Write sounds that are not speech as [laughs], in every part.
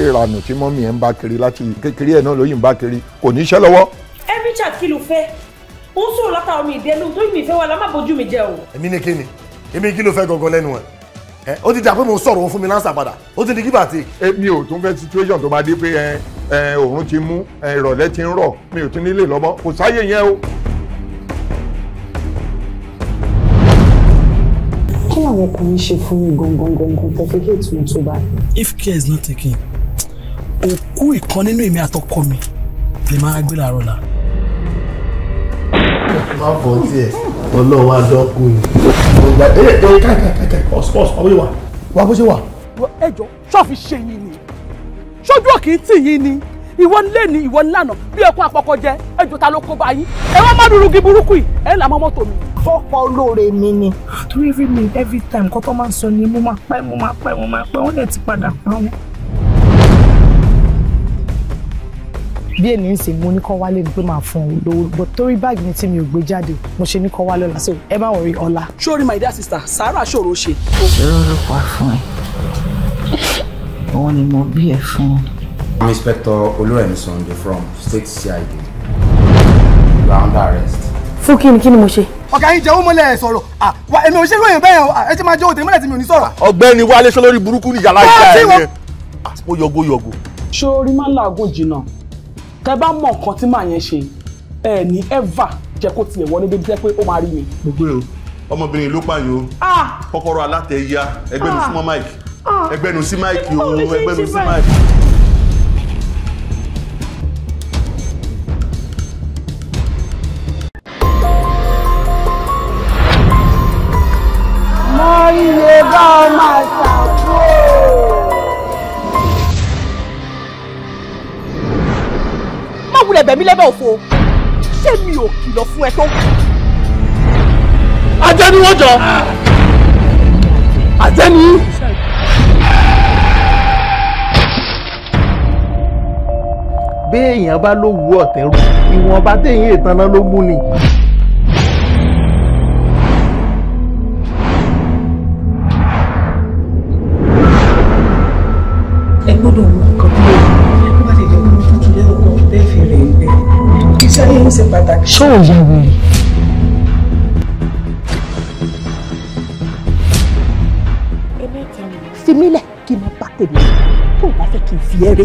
ṣe ìranù tí mọ́mí ẹ̀ ń bá kiri láti kékeré ẹ̀ náà lóyún ń bá kiri kò ní iṣẹ́ lọ́wọ́. ẹ Richard kí ló fẹ́ ó ń sọ̀rọ̀ látàwọn mi ìdẹ́nu tó mi ìfẹ́ wa la má bójú mi jẹ o. èmi ni kí ni èmi kí ló fẹ́ gangan lẹ́nu ẹ̀ ẹ ó ti dà pé mo sọ̀rọ̀ òun fún mi láǹsà padà ó ti di kí bàtì. èmi ò tún fẹ́ situation tó máa dé pé ẹ ẹ òòrùn ti mú ẹ ìrọ̀lẹ́ ti ń rọ̀ mi ò tún nílé lọ́mọ kò sáyé yẹn o. kí làwọn ọkùnrin ṣe fún mi gangan gangan tẹ́ fi hate mi tó báyìí. if care is not taken òkú ìkan nínú èmi àtọkọ mi lè máa gbé làárọ̀ la. má bọ̀ tiẹ̀ ọlọ́wọ́ adọ́kù ìgbà ẹ ẹ káàkiri ọ̀sọ̀ọ̀sọ̀ ọ̀wé wa wa eh, eh, bó ṣe wà. ẹ jọ ṣọ́ọ̀fì ṣe yín ni ṣojú òkè tì yín ni ìwọ nílé ni ìwọ nílànà bí ẹkún àpọkọ jẹ ẹjọ ta ló kó bá yín ẹ wá má dúró gi burúkú yìí ẹ là mọ mọ́tò mi. fọ́pọ̀ olóore mi ni torí every minute every time kọ́kọ́ máa ń sọ ni mo máa pẹ́ mo máa pẹ́ mo máa pẹ́ wọ́n lè ti padà pa wọ́n. bí èmi ń sìn mo ní kọ́ wálé ni pé máa fún un lówó but torí báàgì mi tí mi ò gbé jáde mo ṣe ní kọ́ wálé ọ̀la so ẹ má wọrí ọ̀la. sórí my dear sister Sarah ṣòro ṣe. ìṣòro ló pa fún ẹ òun ni mo bí ẹ fún. I'm Inspector Olúrẹ̀mí Sunday from State CID. You arrest fún kí ni kí ni mo ṣe. ọ̀gá yín jẹ́wọ́ mọ́lẹ̀ sọ̀rọ̀ wa èmi ò ṣe irú èèyàn bẹ́ẹ̀ ẹ ti máa jẹ́ òtẹ́ mọ́lẹ̀ tí mi ò ní sọ̀rọ̀. ọ̀gbẹ́ni wálé sọlórí burúkú ni yàrá ìjà ẹ yẹn ah, ó yọgo yọgo. ṣé orí máa ń làágùn jìnnà tẹ bá mọ nǹkan tí màá yẹn ṣe ẹ ní ẹ́và jẹ́ kó tiẹ̀ wọlé débi jẹ́ pé ó máa rí mi. mo gbé o ọmọbìnrin ló pààyàn o ah! kọ́kọ́rọ́ alátẹ ya ah! ah! ẹgbẹ́nu sí mike ẹgbẹ́nu sí mike o ẹgbẹ́nu sí mike. mí lẹ́bẹ̀ òfo ṣé mi ò kìlọ̀ fún ẹ tó. ajẹ́ ni wọ́n jọ ajẹ́ ni. béèyàn bá ló wú ọ̀tẹ̀ rú ìwọ̀nba téèyàn ètàná ló mú ni. ṣe pàtàkì. ṣé ò yẹ wèrè. fi mí lẹ̀ kí n bá tèmi tó o bá fẹ́ kí n fi ẹ́ rè.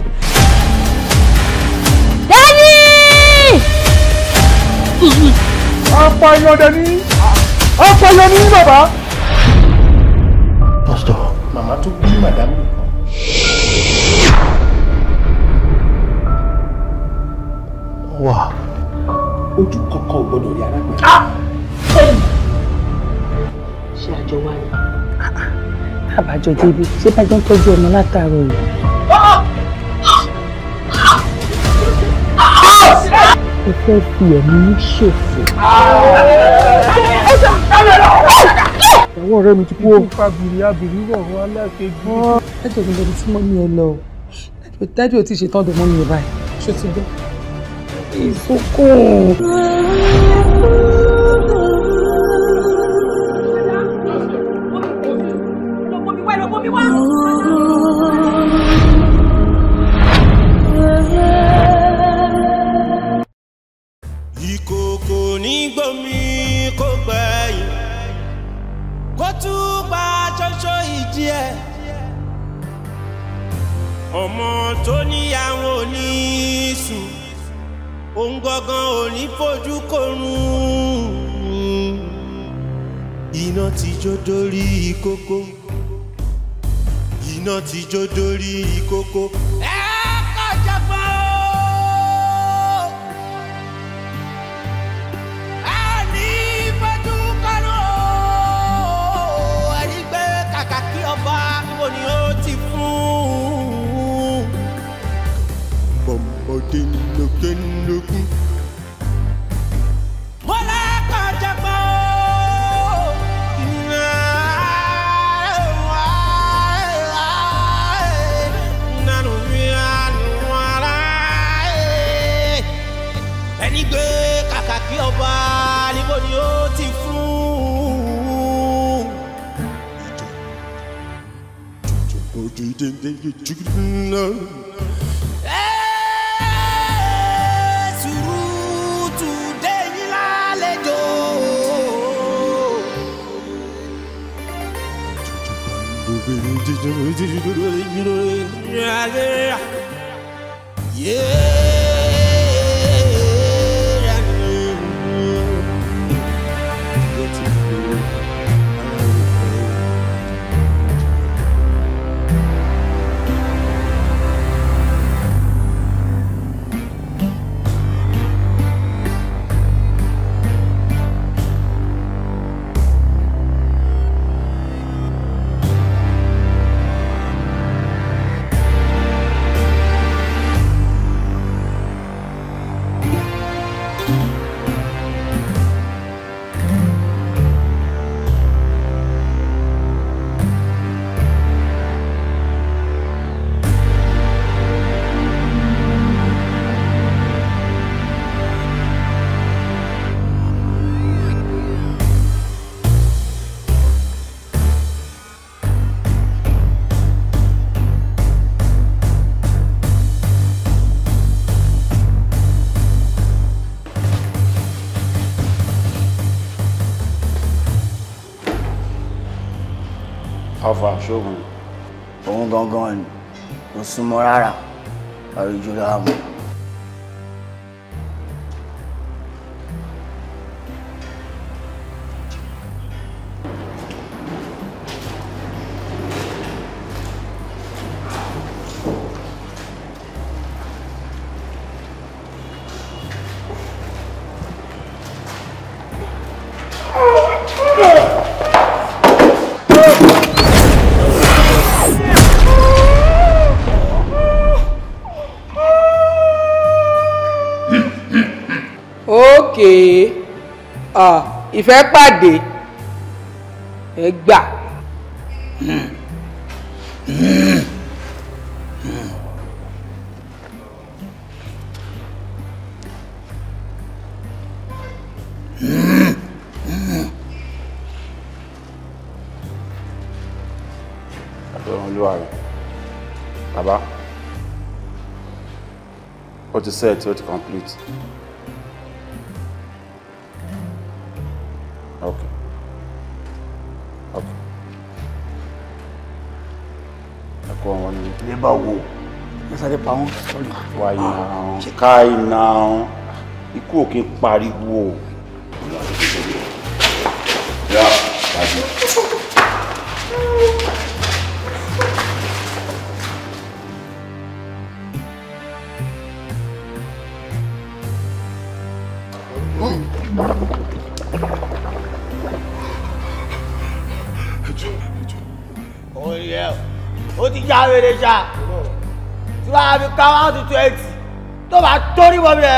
dẹ́ni. apààyàn dẹ́ni apààyàn ni bàbá. pásítọ̀ màmá tó bí màdámù. gbọ́dọ̀ rí arákùnrin. Ah! ṣé àjọ wá ni. Ah, ah. àbájọ débi ṣé bájọ ń tọ́jú ọmọ látàárọ̀ yìí. ẹ fẹ́ fi ẹ̀mí ṣòfò. ìyàwó ọ̀rẹ́ mi ti kú o. ikú fagiri abìrí rọ̀ wọ́n alákejì. dájú ọ̀gbìn lọ́dún tí mọ́mí ẹ lọ dájú ò tí ì ṣetán ọ̀dọ̀ mọ́mí ẹ báyìí ṣó ti gbọ́. 있었고 dórí kókó iná ti jó dórí kókó. àfa ṣóògùn. òun gangan ni kò súnmọ́ rárá àrùjọ làwọn. ìfẹ́ pàdé ẹ gbà. àtọ̀rọ̀ olúwa rẹ̀ bàbá ó ti sẹ́ẹ̀tì ó ti complete. Mm -hmm. Baú. Começaria para onde? Vai não, cai não. E com quem pariu? Olha, onde já vereja? bá a fi ká one to twenty tó bá tó níbọ̀ bí ẹ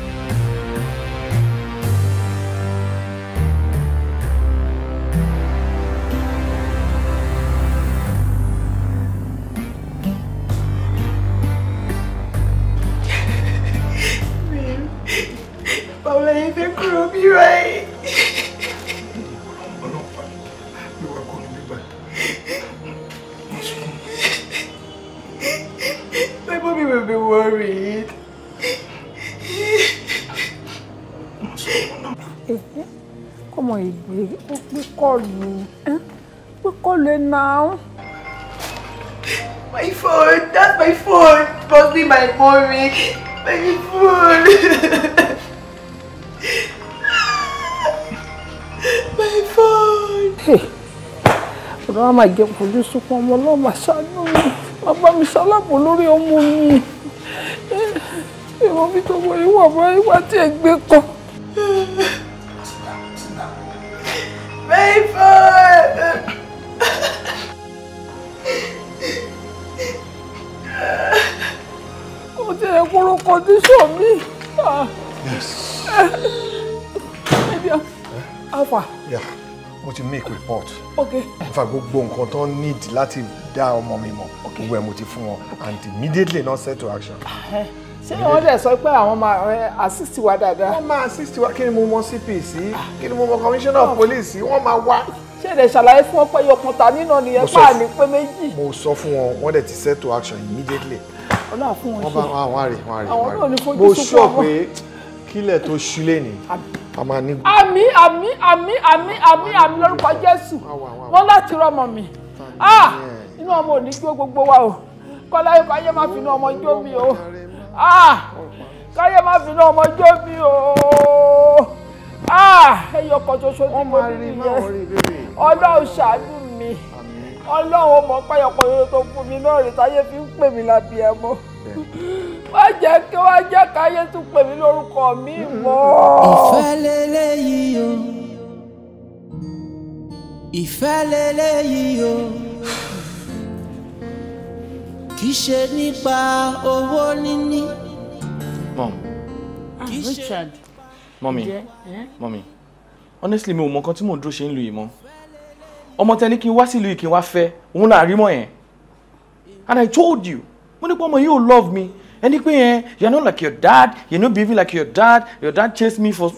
ọ̀rọ̀ mi ráyè. ọlọ́pàá mi are gonna be back. My mommy will be worried. Kọ́mọ ìgbé ó pín kọ́ọ̀lù pín kọ́ọ̀lù ẹ̀ now. My phone, that's my phone. probably my mommy. My phone. ṣùgbọ́n a máa jẹ fojú sunkún ọmọ ọlọ́mà ṣáánú mi bàbá mi ṣaláàbò lórí ọmọ mi ìwọ mi tó wọ ìwà ọmọ ìwà tí ẹ gbé kọ. Yes. Ẹ bí Yeah mo ti make report. okay. nfa gbogbo nǹkan tó need láti dá ọmọ mi mọ̀ gbogbo ẹ̀ mo ti fún wọn and immediately not set to action. Eh, ṣé wọ́n dẹ̀ sọ pé àwọn máa eh, assist wa dáadáa. wọ́n máa assist wa kí ni mo mọ cp sí ah. kí ni mo mọ commissioner of police sí wọ́n máa wá. ṣé ẹ̀dẹ̀ ṣàlàyé fún wọn pé yọkùn ta nínà nìyẹn pa ní pé méjì. mo sọ fún wọn wọ́n dẹ̀ ti set to action immediately. ọlọ́run fún wọn ṣe wọ́n bá wọn àrè wọn àrè wọn àrè mo sọ pé kílẹ̀ tó ṣúlẹ̀ ni a máa ní. àmì àmì àmì àmì àmì àmì lórúkọ jésù wọn láti rọmọ mi ah! inú ọmọ òní jó gbogbo wa o kọlá yóò káyé má fi inú ọmọ jó mi o ah! káyé má fi inú ọmọ jó mi o ah! ẹyọ kan ṣoṣo tí mo rí yẹn ọlọ́run ṣàánú mi ọlọ́run mọ̀ pẹ́yọ̀pọ̀ yóò tó fún mi náà rí táyé fi ń pè mí lábí ẹ mọ́ wá jẹ́ kí wá jẹ́ káyé tún pè mí lórúkọ mi mọ́. ìfẹ́ lélẹ́yìí o ìfẹ́ lélẹ́yìí o kì í ṣe nípa owó níní. mom. ah richard. mọ́mí mọ́mí honestly mi ò mọ nǹkan tí mò ń dúró ṣe ń lu yìí mọ́ ọmọ tẹni kí n wá sílùú yìí kí n wá fẹ́ òun là rí mọ́ yẹn and i told you mo ní pé ọmọ yìí love me ẹni pé yẹn you are not like your dad you are not behaving like your dad your dad chase me for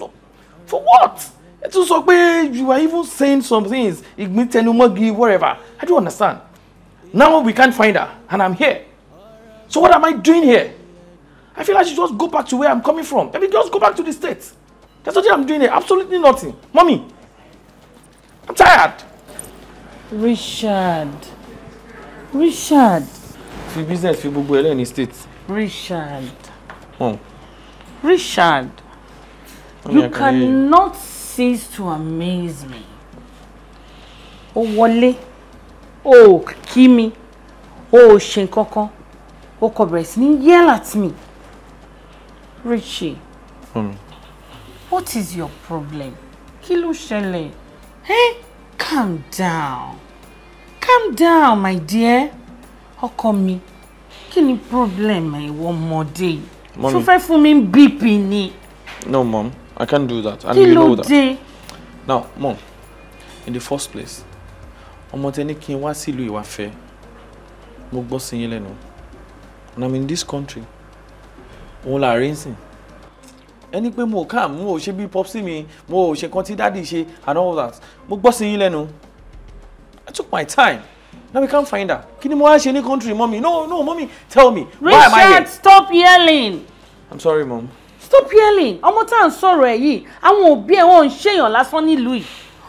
for what ẹ tún sọ pé you are even saying some things ìgbín tẹnumọ́gi whatever I don't understand now we can't find her and I'm here so what am I doing here I feel like she just go back to where I'm coming from maybe just go back to the state that's what I'm doing here absolutely nothing mommy I'm tired. Richard Richard fi business fi gbogbo ẹlẹ́ ní state. Richard Richard you cannot cease to amaze me ó wọlé ó kí mi ó ṣe nǹkan kan ó bẹ̀rẹ̀ sí ní yell at me Richie what is your problem kí ló ṣẹlẹ̀ hey eh? calm down calm down my dear ọkọ mi kí ni problem ìwọ ọmọdé yìí ṣó fẹ́ fún mi bp ni. no mom i can't do that and you know that. kí ló dé. now mom in the first place ọmọ tẹ ní kí n wá sílùú ìwàfẹ́ mo gbọ́ sí yín lẹ́nu and i'm in this country òun là rí nsìn ẹni pé mo kà mo ò ṣe bí popsi mi mo ò ṣe kan tí dáàdi ṣe and all that mo gbọ́ sí yín lẹ́nu i took my time Now we can't find her. Kí ni mo wá ṣe ní country, mommy? No, no, mommy, tell me. Richard, why am I here? stop yelling. I'm sorry, mom. Stop yelling. I'm not sorry. I won't be yìí, Share your last one, ń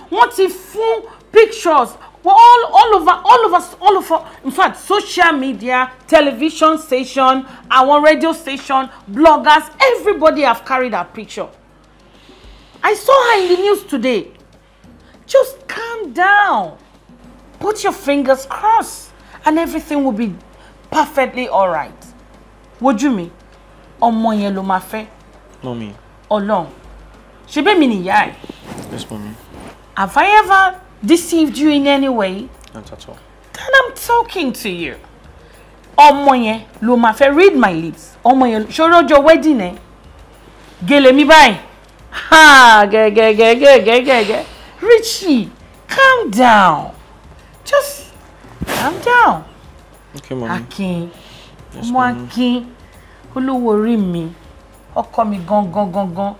What if full pictures Wọ́n all all over all over all over in fact social media television station our radio station bloggers everybody have carried her picture. I saw her in the news today. Just calm down. Put your fingers crossed and everything will be perfectly all alright. Wojú mi, ọmọ yẹn ló máa fẹ́. Mọ́mí. Ọlọ́run, she be mi nìyá ẹ̀. Yes, mommy. Have I ever deceived you in any way? Not at all. Then I'm talking to you. Ọmọ yẹn ló máa fẹ́ read my lips. Ọmọ yẹn ṣòro ọjọ́ wedding ẹ̀. Gèlè mi báyìí. Ha gẹ́gẹ́gẹ́gẹ́gẹ́gẹ́. Richie, calm down. Just calm down. Okay, mommy. Akin. Yes, ọmọ Akin. Olówó orí mi. Ọkọ mi gangan gangan.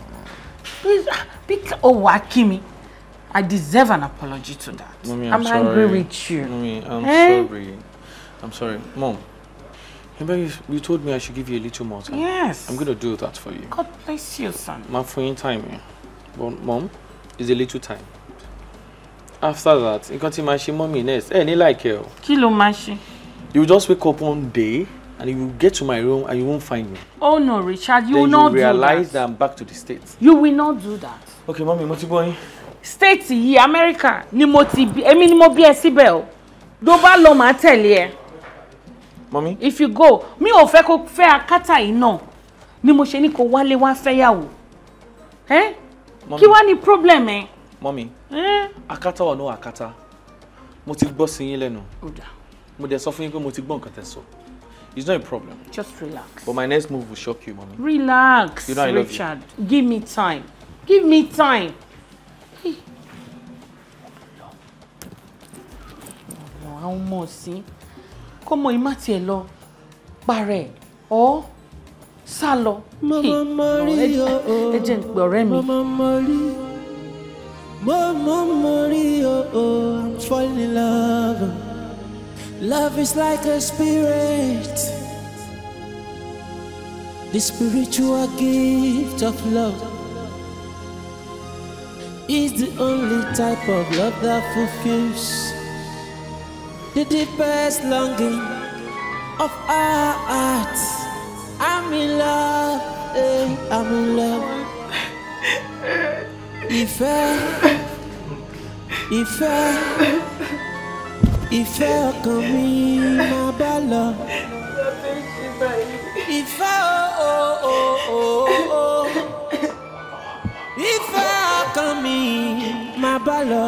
Please, ah, be oh Akin mi. I deserve an apology to that. Mommy, I'm, I'm sorry. angry with you. Mommy, I'm eh? sorry. I'm sorry. Mom, remember you, you told me I should give you a little more time. Yes. I'm going to do that for you. God bless you, son. Ma, for your time. Eh? But, Mom, it's a little time after that nǹkan tí màá ṣe mọ́mì next ẹ ní láìkẹ́ o. kí ló máa ṣe. you just wake up one day and you get to my room and you won't find me. oh no Richard you then will not do that. then you realize that I'm back to the States. you will not do that. okay mommy, mo ti bọ́ yín. state yìí America ni mo ti bí èmi ni mo bí ẹ síbẹ̀ o ló bá lọ màá tẹ̀lé ẹ. mọ́mì. if you go mi ò fẹ́ kó fẹ́ akátá yìí náà ni mo ṣe ní kó wálé wá fẹ́yàwó. Eh? kí wá ni problem ẹ. Eh? Mommy. Eh. akátá ọ̀nà akátá mo ti gbọ́ sí yín lẹ́nu mo dẹ̀ sọ fún yín pé mo ti gbọ́ nǹkan tẹ̀ sọ it's not a problem. just relax. but my next move will shock you mami. relax you know Richard you. give me time give me time. àwọn ọmọ ọ̀sìn kọ́mọ yìí má tiẹ̀ lọ parẹ́ ọ́ sá lọ. mama maria ooo oh. mama maria ooo. Mama Maria, oh, oh, I'm falling in love. Love is like a spirit, the spiritual gift of love. Is the only type of love that fulfills the deepest longing of our hearts. I'm in love, eh, I'm in love. [laughs] Ife, Ife, Ife, ọkàn mi máa bá lọ. Ife, o o o o ìfẹ́ ọkàn mi máa bá lọ.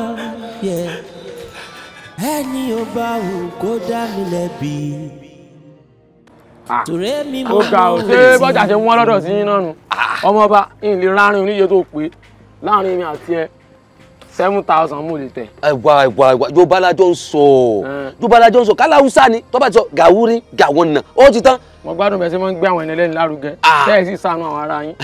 ẹni ò bá wù kó dá mi lẹ́bi tòré mi mọ́ ọ́ ṣé bọ́jà ṣe wọ́n lọ́dọ̀ sí yín náà nù ah. ọmọ ọba ìlera rìn oníyẹ tó pé láàrin mi àti ẹ seven thousand mo lè tẹ. ẹwà ẹwà ẹwà yorùbá alájọ ń sọ yorùbá alájọ ń sọ kálá hausa ni tó bá ti sọ gàwúrí gàwọn nà ó ti tán. mo gbádùn bẹ́ẹ̀ sẹ́ mo ń gbé àwọn ẹni lẹ́nu lárugẹ bẹ́ẹ̀ sì sànú àwọn ara yín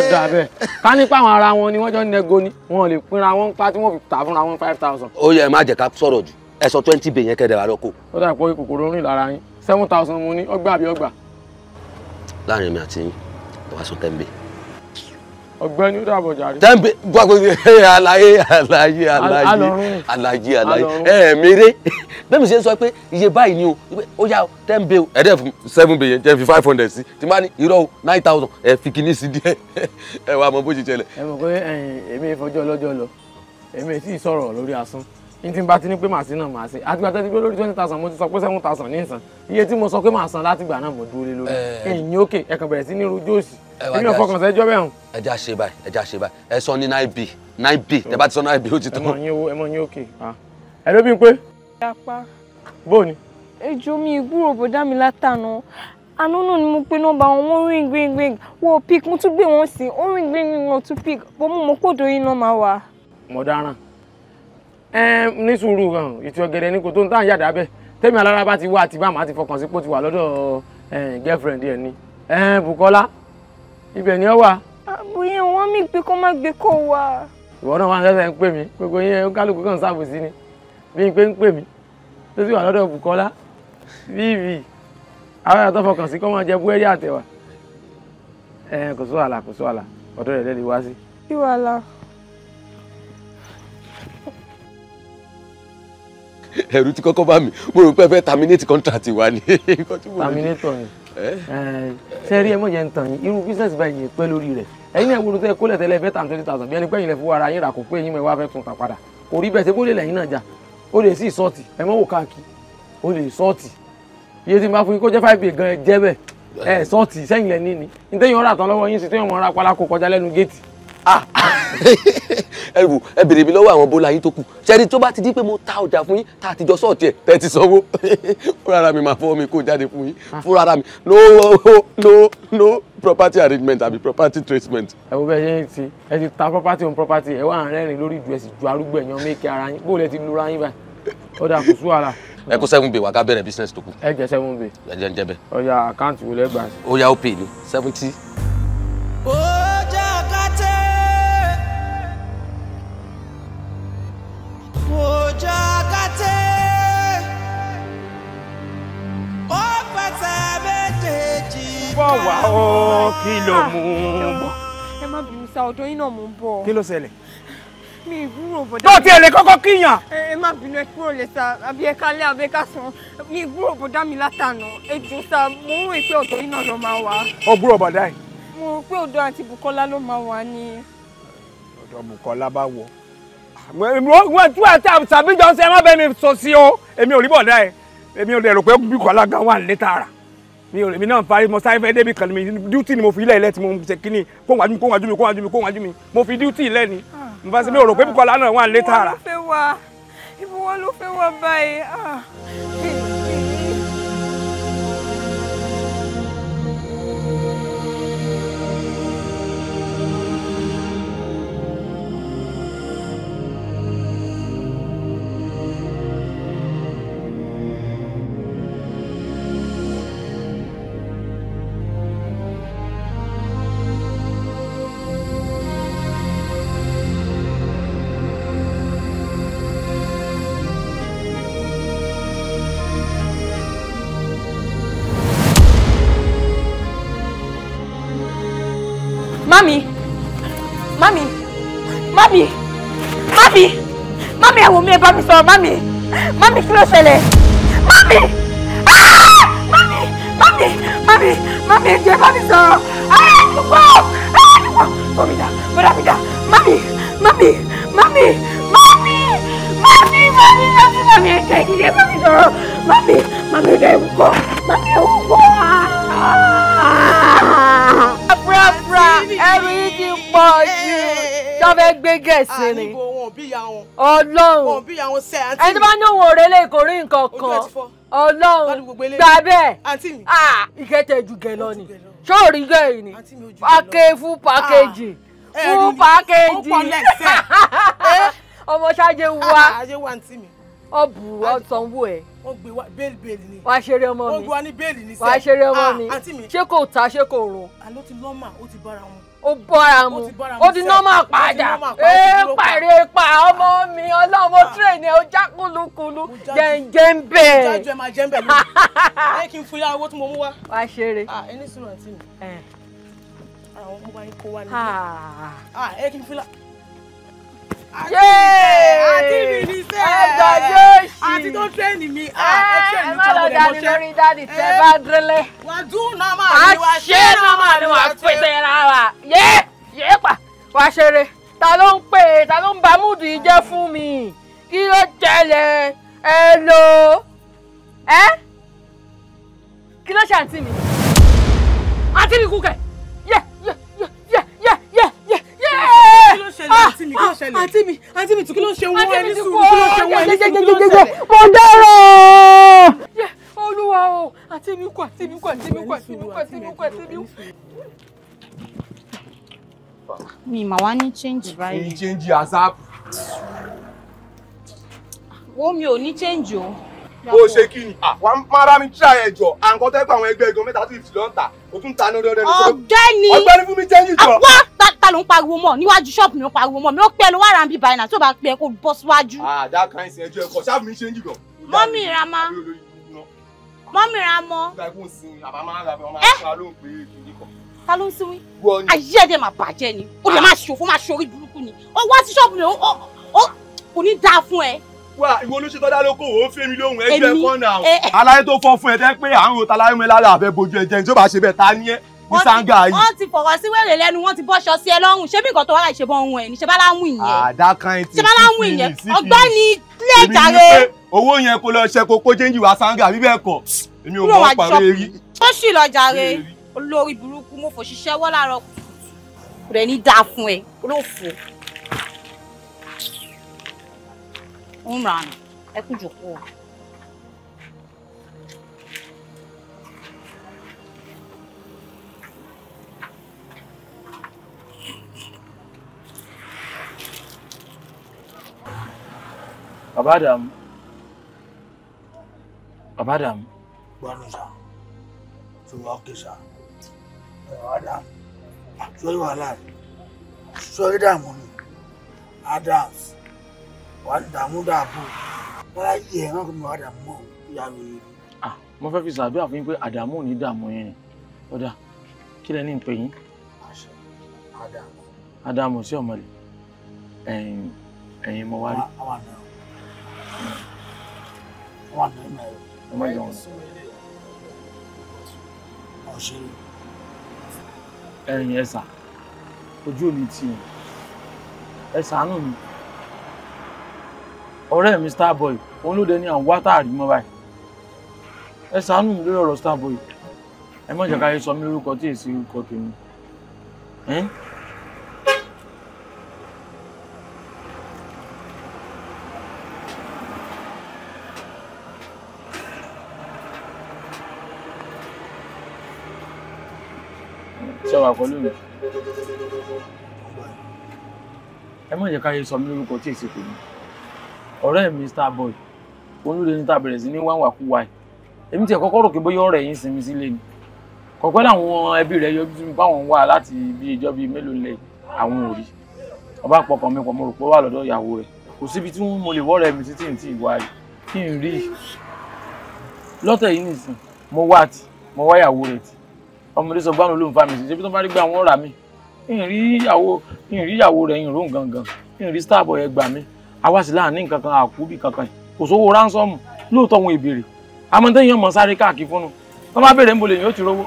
ọ̀dà [laughs] bẹ́ẹ̀ ká nípa àwọn ara wọn ni wọ́n jọ ń nẹgo ni wọn lè pinra wọn pa tí wọ́n fi tà fúnra wọn five thousand. ó yẹ ẹ má jẹ ká sọ̀rọ̀ jù ẹ twenty bẹ̀yẹn kẹ́dẹ̀ wà lọ́kọ̀. ó dà pé kòkòrò ń rìn seven thousand mo ní ọgbà àbí ọgbà. láàrin mi àti yín ẹ ọ̀gbẹ́ni ó dàbọ̀ jàre. tẹ́ǹpé gbàgbé [laughs] alaye alaye alaye alaye alaye ẹ mèrè [laughs] bẹ́ẹ̀ mi ṣe ń sọ pé iye báyìí ni o ó yá ten bill ẹ̀ẹ́dẹ̀ fún seven bill yẹn jẹ́ fi five hundred sí ti máa ní irọ́ o nine thousand ẹ̀ fi kìíní sí díẹ̀ [laughs] ẹ̀ wà mọ bó ṣe ṣẹlẹ̀. ẹ mọ̀ pé èmi ìfọjọ́ ọlọ́jọ́ lọ èmi ti sọ̀rọ̀ lórí asán ní tí n bá ti ní pé màá sí náà màá sí àtìgbà tẹ́tí pé lórí twenty thousand mo ti sọ pé seven thousand ní ìsàn iye tí mo sọ pé màá san látìgbà náà mo dúró lé lórí eh. ẹ̀yìn òkè ẹ̀kan bẹ̀rẹ̀ sí ní rojú òsì eh, èmi ò fọkàn sẹ́jọ́ bẹ́ẹ̀ hàn. ẹ já ṣe báyìí ẹ já ṣe báyìí ẹ sọ ní nine b nine b tẹ bá ti sọ nine b ó ti tán. ẹ mọ yín òkè ẹ ló bí n pé. yapa. bó ni. ejò mi ìgbúrò bòdá mi látànà àná náà ni mo pe nọ́mbà wọn wọn ring ring ring wọn ò pick mo tún gbé wọn sí ó ring ring ring wọn ò tún pick bó mo mọ kóòdù yín náà máa wà. dáràn ní sùúrù ìtì ọ̀gẹ̀dẹ̀ ni kò tó ń tàn yàdá bẹ́ẹ̀ tẹ́mi alára bá ti wá àti bá màá ti fọkàn sí pé ó ti wà lọ́dọ̀ girlfriend ẹ̀ ni Bùkọ́lá ibẹ̀ ni ó wà. àbúyẹ wọn mi gbé kó má gbé kó wà. ìwọ náà wọn àtẹ́sẹ̀ ń pè mí gbogbo yẹn kálukú kàn sáàbò sí ni bí n pé ń pè mí tó sì wà lọ́dọ̀ Bùkọ́lá bíbí àwọn yàtọ̀ fọkàn sí kọ́ máa jẹ búrẹ́dì àtẹ̀wà kò sóhàlà kò sóhàlà ọ̀dọ́ rẹ̀ lẹ́ni wá sí. kí wàhálà. ẹ̀rù ti kọ́kọ́ bá mi mo rò pé ẹ fẹ́ terminate contract wa ni. [laughs] terminator ni ṣe rí ẹ mọ̀ yẹn ń tàn yín irú business báyìí yẹn pẹ́ lórí rẹ̀ ẹ̀yin náà wúlò tẹ́ kólẹ̀ tẹ́lẹ̀ fẹ́ tàn twenty thousand bí ẹni pẹ́yìn lẹ fún ara yín rà kó pé ẹ̀yin mọ̀ ẹ wá fẹ́ tún ta padà kò rí bẹ́ẹ̀ ṣe bólè lẹ́yìn náà jà ó lè sí ìsọ́ọ̀tì ẹ mọ̀ wò káàkiri ó lè sọ́ọ̀tì iye tí n bá fún yín kó jẹ́ five bay gan jẹ́ bẹ́ẹ̀ ẹ sọ́ọ̀tì sẹ́yìn lẹ́ni ni ní tẹ́yìn ọ̀rà tán lọ́wọ́ yín sí tẹ́yìn ọmọ ara pálákó kọjá lẹ́nu géètì Ah. [laughs] ẹ wò ẹ bèrè mi lọ́wọ́ àwọn bọ́lá yín tó kù ṣẹ́ni tó bá ti di pé mo ta ọjà fún yín tá a ti jọ sọ́ọ̀tì ti sanwó [laughs] fúnra mi máa fọwọ́ mi kó jáde fún yín ah. fúnra mi no no no property arrangement àbí property treatment. ẹ wo bẹ́ẹ̀ ṣe ń ti ẹ ti ta property on property ẹ wá àárẹ̀rìn lórí ìdú ẹ sì ju arúgbó ẹ̀yàn méèkì ara yín bóòlù ẹ ti lura yín báyìí ó dà kó sú àlà. ẹ kó seven bay wá ká bẹ̀rẹ̀ business tó kù. ẹ jẹ seven bay. ẹ jẹ ń jẹ bẹ́ẹ̀. ọjà àkáǹtì wo lẹ gbà. ó yá ó pè ní seventy bọ̀ wá o kí ló ah, mú un bọ̀. ẹ má bínú sa ọ̀dọ̀ yín náà mú un bọ̀. kí ló ṣẹlẹ̀. mi ìgbúrò bọ̀dá. tó tiẹ̀ lè kọ́kọ́ kíyàn. ẹ má bínú ẹ kúrò lè sa àbí ẹ kálẹ̀ àbí ẹ kásán mi ìgbúrò bọ̀dá mi látànà ètò sa mo ń rò pé ọ̀dọ̀ yín náà ló máa wá. ó gbúrò bọ̀dá yìí. mo rò pé ọ̀dọ̀ àti Bùkọ́lá ló máa wá ni. ọ̀dọ̀ Bùkọ́lá bá wọ. wọ́n tún àti àbíjọ́ sẹ́ má bẹ́ẹ̀ mi sọ sí o èmi ò rí bọ̀dá yìí èmi ò dẹ̀rọ pé Bùkọ́lá gan wà nílé tààrà mi ò èmi náà parí mo sáré fẹ́ débi kan mi díútì ni mo fi ilẹ̀ ilẹ̀ tí mo ṣe kíni kó wájú mi kó wájú mi kó wájú mi kó wájú mi mo fi díútì ilẹ̀ ni mo fà sí mi ò rò pé Bùkọ́lá náà wà nílé tààrà. ìbúwọ́ ló fẹ́ wá báyìí ah. Mami! Mami! Mami! Mami! Mami ẹ wò mí ẹ bá mi sọ̀rọ̀ Mami! Mami kí ló ṣẹlẹ̀? Mami! Ah! Mami! Mami! Mami! Mami ẹ jẹ́ bá mi sọ̀rọ̀! Ayé àdúgbò! Ayé àdúgbò! Bọ́mìdà! Bọ́dàmìdà! Mami! Mami! Mami! Mami! Mami! Mami! Mami! Mami ẹ jẹ́ ìdílé bá mi sọ̀rọ̀! gẹ̀ẹ́sì ah, ni. àníbo wọn ò bí ìyá wọn. ọlọ́run wọn ò bí ìyá wọn sẹ́ àǹtí mi. ẹni bá ní òun òré lè kórè nǹkan kan ọlọ́run gbà bẹ́ẹ̀ àǹtí mi. Ah, ìkẹ́tẹ̀ ju gẹ̀ lọ ni ṣóòrí gẹ̀ẹ́ ni pàkẹ́ fún pàkẹ́jì fún pàkẹ́jì ọmọ ṣáájú wa ọbù ọtọ̀nwó ẹ̀. wọ́n gbé wa bẹ́ẹ̀lì bẹ́ẹ̀lì ni. wàá ṣeré ọmọ mi wọ́n gbé wa ní bẹ́ẹ̀lì ni sẹ́ẹ̀. wàá ṣeré ọmọ ah, mi ṣé kò ta ṣé kò run. àló ti lọ́mà ó ti bára wọn ó bọ́ra mu ó di normal padà ee pàrẹ pa ọmọ mi ọlọ́run mo ah. train ẹ o já kulukulu jẹ̀ǹjẹ̀ ń bẹ̀. jájú ẹ máa jẹ́ ń bẹ̀ lónìí [laughs] ẹ kí n fún yàrá owó tí mo mú wá. wá ṣeré. Ah, ẹni sùn àǹtí mi àwọn eh. ah, ọmọ bá ń kó wá nílé ẹ kí n fún yàrá àti mi ní sẹ́ ẹ̀dọ̀ yóò ṣì àti tó tẹ́ẹ̀nì mi ẹ̀ẹ́dẹ̀ eh, ah, ẹ̀ má lọ dání lórí dádì tẹ́ eh, bá délé. wà á dún nọ́mà ni wà á ṣe nọ́mà ni wà á pèsè ra wa yé yé pa wà á ṣeré ta ló ń pè ta ló ń ba múdù yìí jẹ́ fún mi kí ló jẹlẹ̀ ẹ lò ẹ́ kí ló ṣe àǹtí mi àǹtí mi kú kẹ̀. ṣẹlẹ̀ ah, àti mi kí ló ah, ṣẹlẹ̀. àti mi àti mi kí ló ṣe wọ́n ẹni sùúrù kí ló ṣe wọ́n ẹni sùúrù kí ló ṣẹlẹ̀. mo dẹ́rọ̀. olúwa o àti mi kú àti mi kú àti mi kú àti mi kú àti mi kú àti mi kú. mi mà wá ní change báyìí. ní change asap. wo mi ò ní change o o ṣe kí ni ah, wà á máa rá mi tíra ẹ jọ à ń kọ́ tẹ́gbà àwọn ẹgbẹ́ ẹ̀gbọ́n mẹ́ta tó ti lọ́ ń tà o tún ta ní ọdọọdẹ ní. ọ̀gbẹ́ni ọ̀gbẹ́ni fún mi jẹ́yìn jọ. àwa ta ló ń pariwo mọ níwájú ṣọ́ọ̀bù ni ó pariwo mọ mi ó pẹ́ ló wà ráńbí báyìí náà tó bá pẹ́ kó bọ́ síwájú. àdá kan ẹsẹ̀ ẹjọ́ ẹ̀kọ́ ṣáà mi ṣe ń jìgọ̀. mọ́mì ìramá mọ́mì ìramọ́. ta ló ń sinmi ayé ẹ̀dẹ̀ máa bàjẹ́ ni ó lè ah. máa ṣòfò máa ṣorí burúkú ni ó wá sí ṣọ́ọ̀bù mi ó kò ní dáa fún ẹ wà ìwọ ló ṣe tọ́dá lóko ò mi lóhùn ẹgbẹ́ ẹ̀kọ́ náà. aláyé tó fọ́ fún ẹ tẹ́ pé àrùn òtá aláyé mẹ́lá rà bojú ẹ jẹ́ tí ó bá ṣe bẹ́ẹ̀ ta ni ẹ́ ní sanga yìí. wọ́n ti fọ̀rọ̀ sí wèrè lẹ́nu wọ́n ti bọ́ṣọ sí ẹ lọ́rùn ṣé bí nǹkan tó wá ìṣèbọn ẹ̀ ní ṣẹba láwùn ìyẹn. àdàkàn ti ṣẹba láwùn ìyẹn ọgbẹ́ni ilé ìjàre. owó yẹn kò lọ ṣe kókó jẹ́ǹjì wá sanga bí bẹ́ẹ̀ èmi ò mọ̀ pàrọ̀ èrí. ó sì lọ jàre olórí burúkú mo fò ṣiṣẹ́ wọ́ láàárọ̀ rẹ̀ ní dáa fún ẹ olófò. umran ẹ kú jòkó. Abadam, Adamu bàbá Adamu. gbọ́dọ̀ sá tó wà ókè sá bàbá Adamu sọ Adams wà á dààmú dààbò wọn á yẹ ẹran kò mọ àdàmú mọ ìyá mi. Ah, mo fẹ́ fi sàbí àfihàn pé àdàmú ò ní dààmú yẹn ni ọ̀dà kí lẹ ní ń pè yín. àdàmú. àdàmú sí ọmọlẹ ẹyin ẹyin mo wá rí. àwọn àná àwọn àná ìmọ̀ ẹ̀rọ. ẹ má jẹun ẹ̀yin ẹ̀sà ojú ò ní ẹ̀sà àánú mi ọ̀rẹ́ mi starboy òun ló dé ní àwọn wátàrí mọ́ báyìí ẹ ṣàánú mi lórí ọ̀rọ̀ starboy ẹ má jẹ́ ká yé sọ mí lórúkọ tí èsì orúkọ tèmi. ṣe wà pẹ̀lú mi ẹ má jẹ́ ká sọ mí lórúkọ tí èsì tèmi ọ̀rẹ́ mi Starboy Boy, ní ta bẹ̀rẹ̀ sí ní wáwàkúwà yìí èmi tiẹ̀ kọ́kọ́ rò pé bóyá ọ̀rẹ́ yín sinmi sílé ni kọ̀pẹ́ làwọn ẹbí rẹ̀ yọjú sí mi báwọn wà láti bí ìjọ bíi mélòó lẹ̀ àwọn ò rí ọba pọkàn mi pọ̀ mo rò pé ó wà lọ́dọ̀ ìyàwó rẹ̀ kò síbi tí mo lè wọ́ọ̀rẹ́ mi títí tí ìwà yìí kí n rí lọ́tẹ̀ yìí nìsín mo wá àti mo wá ìyàwó rẹ̀ tì ọmọdé sọ gbánu ló ń fa mi sí ṣe bí tó bá rí gbé àwọn ọ̀rà mi kí n rí ìyàwó rẹ̀ yìí rò gangan kí n rí Starboy ẹ gbà mí àwa sì láàánú nǹkan kan àkúbì kankan kò sówó ránsọ́ọ̀mù lóòótọ́ wọn ìbèrè amọ̀tẹ́yìn ọmọ sáré káàkiri fún un tó má béèrè ń bolè yóò ti rówó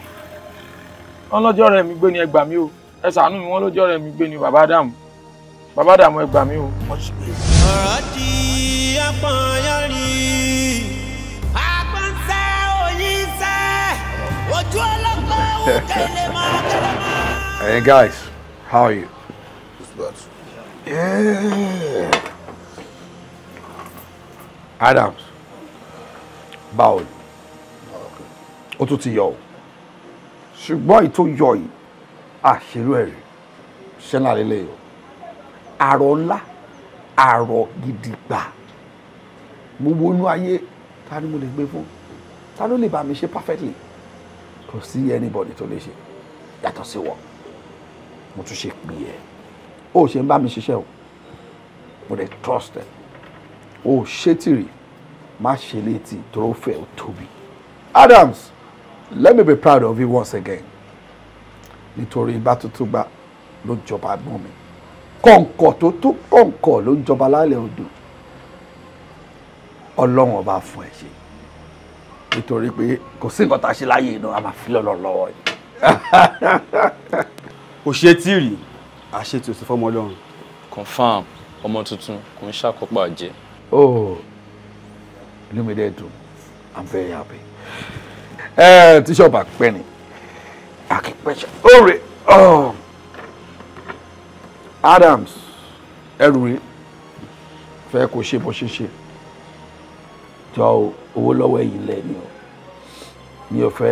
wọn lọ́jọ́ rẹ̀ mi gbé ni ẹ gbà o ẹ ṣàánú mi wọn lọ́jọ́ rẹ̀ mi gbé ni bàbá Ádámù bàbá Ádámù ẹ gbà o. ọ̀rọ̀ di apọ̀nyọ́rì agbọ̀nsẹ̀ òyìnṣẹ́ ojú ọlọ́kọ̀ òkèlèmọ̀ òkèlèmọ̀. Hey guys, how are you? Yeah. Adams báwo ni ó tún ti yọ o ṣùgbọ́n èyí tó yọ yìí àṣírí ẹ̀rí ṣẹ́ńlá lélẹ̀ o àrọ̀ ńlá àrọ̀ gidi gbà mo wọnú ayé ta ni mo lè gbé fún ta ló lè bá mi ṣe perfectly kò sí anybody tó lè ṣe yàtọ̀ sí wọ mo tún ṣe pè é o ṣe ń bá mi ṣiṣẹ́ o mo dey trust ẹ ó ṣètìrì má ṣe létí trófẹ́ ó tóbi. Adams let me be proud of you once again nítorí bá tuntun gbà ló jọba gbọ́n mi kọ̀ǹkọ̀ tó tó kọ̀ǹkọ̀ ló ń jọba lálẹ́ odò ọlọ́run ọba fún ẹ ṣe nítorí pé kò sí nǹkan tá a ṣe láyé inú a máa fi lọ́lọ́ lọ́wọ́ yìí. kò ṣe tí rí àṣetò sí fọmọ ọlọ́run. confam ọmọ tuntun kò ń ṣàkópa jẹ oh inú mi dẹ̀ dùn i'm very happy. ẹ tíṣọ̀bù àpẹ́ ni àkípẹ́ṣẹ́ òòrè oh, oh. adams Oh, rẹ̀ fẹ́ kó ṣe bó ṣe ṣe jọ owó lọ́wọ́ ẹ̀yìn lẹ́ni o mi ò fẹ́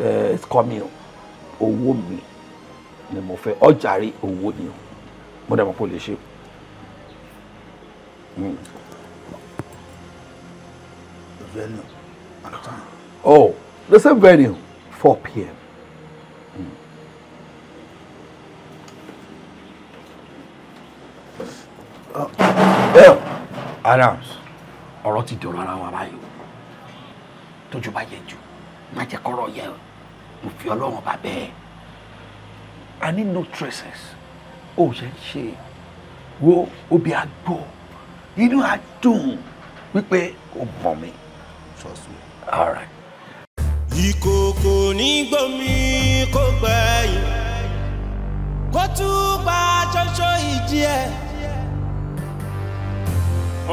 ẹ̀ kọ́ mi o owó mi ni mo fe ojari owo ni o mo dẹ̀ mọ̀ kó lè ṣe The hmm. venue and the time. Oh, the same venue, 4 p.m. Hmm. Adams ọ̀rọ̀ ti dọ̀rọ̀ ara wa báyìí tójú bá yẹ jù má jẹ́ kọ́rọ̀ yẹ mo fi ọlọ́run bá bẹ́ẹ̀ I need no traces ó ṣe ń ṣe wo obì àgbọ̀ inú á dùn wípé o mọ̀ mi. trust me. all right. ìkòkò ní gbomi kò gbẹ̀yìn kó tún pa ṣoṣo ìjì ẹ̀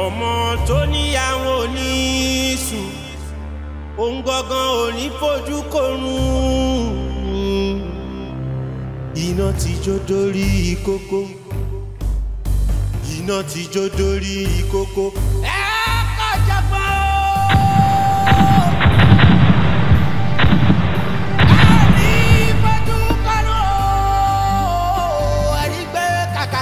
ọmọ tó níyàwó ní sùn òun gangan ò ní fojú korun iná tí jó dórí kókó iná ti jó dórí ìkókó. ẹ kọjá pọ́n o. ẹni fojú kọ́nà o. ẹni pé kàkà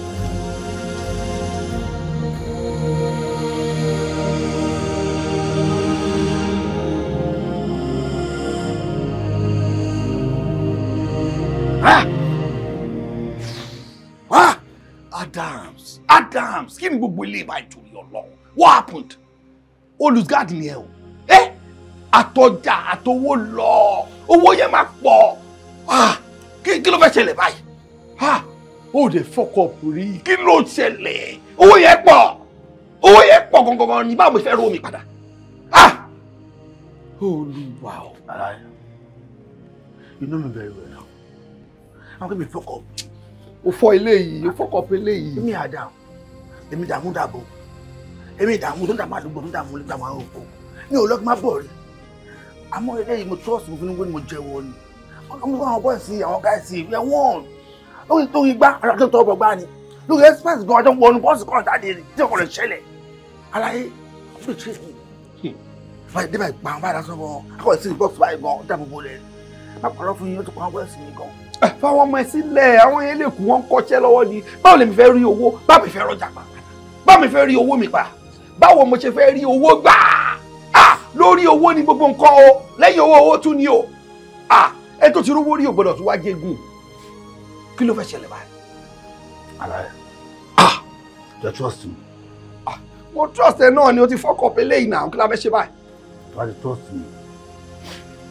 Ah! Ah! Adams Adams kí ni gbogbo ilé ìbá ìtòrí Ọlọ́run what happened olùgáàdì ni ẹ o ẹ àtọjà àtọwó lọ owó yẹn máa pọ̀ ah! kí ló fẹ́ ṣẹlẹ̀ báyìí ah! ó dẹ̀ fọkọ̀ rí kí ló ṣẹlẹ̀ owó yẹn pọ̀ owó yẹn pọ̀ gangan ni báwo fẹ́ ro mi padà ah olùwà o. ara yẹn you know me very well now i'm gonna be fuck up. o fọ eléyìí o fọkọ pé eléyìí. èmi àdá èmi dààmú dààbò èmi dààmú tó ń dààmú àdúgbò tó ń dààmú lẹ́gbàá àwọn òkú mi ò lọ́gbọ́n má bọ̀ rí àmọ́ eléyìí mo trust mo fi ní wọ́n ni mo jẹ́ wọ́n ni ọmọ àwọn bọ́ọ̀ sí àwọn gáàsì ìwé wọ́n lórí tó igbá ara tó ń tọ́ ọgbọ̀gbá ni lórí express gan-an ọjọ́ wọnú bọ́ọ̀sì kan jáde tí ọkọ̀ rẹ̀ ṣẹlẹ̀ aláyé tó ṣe yìí fún ẹdẹ báyìí pa àwọn báyìí lásán gan sí ìbọ̀sù báyìí gan ó dàbò bolẹ̀ àpàlọ́ fún yín ó ti pa àwọn bọ́ọ̀sì mi gan. fáwọn ọmọ ẹ sílẹ̀ àwọn yẹn lè kú wọn kọ́ṣẹ́ lọ́wọ́ ni báwo lèmi fẹ́ rí owó báwo mi fẹ́ rọjà pa báwo mi fẹ́ rí owó mi pa báwo mo ṣe fẹ́ rí owó gbà á lórí owó ni gbogbo nǹkan o lẹ́yìn owó owó tún ni o ẹ tó ti rówó rí o gbọ́dọ̀ tó wá jẹ́gùn kí ló fẹ́ ṣẹlẹ̀ báyìí. aláyẹ ah you trust me mo trust ẹ náà ni o ti fọkọ pé lẹ́yìn náà kí la fẹ́ ṣe báyìí. tó bá ti trust me.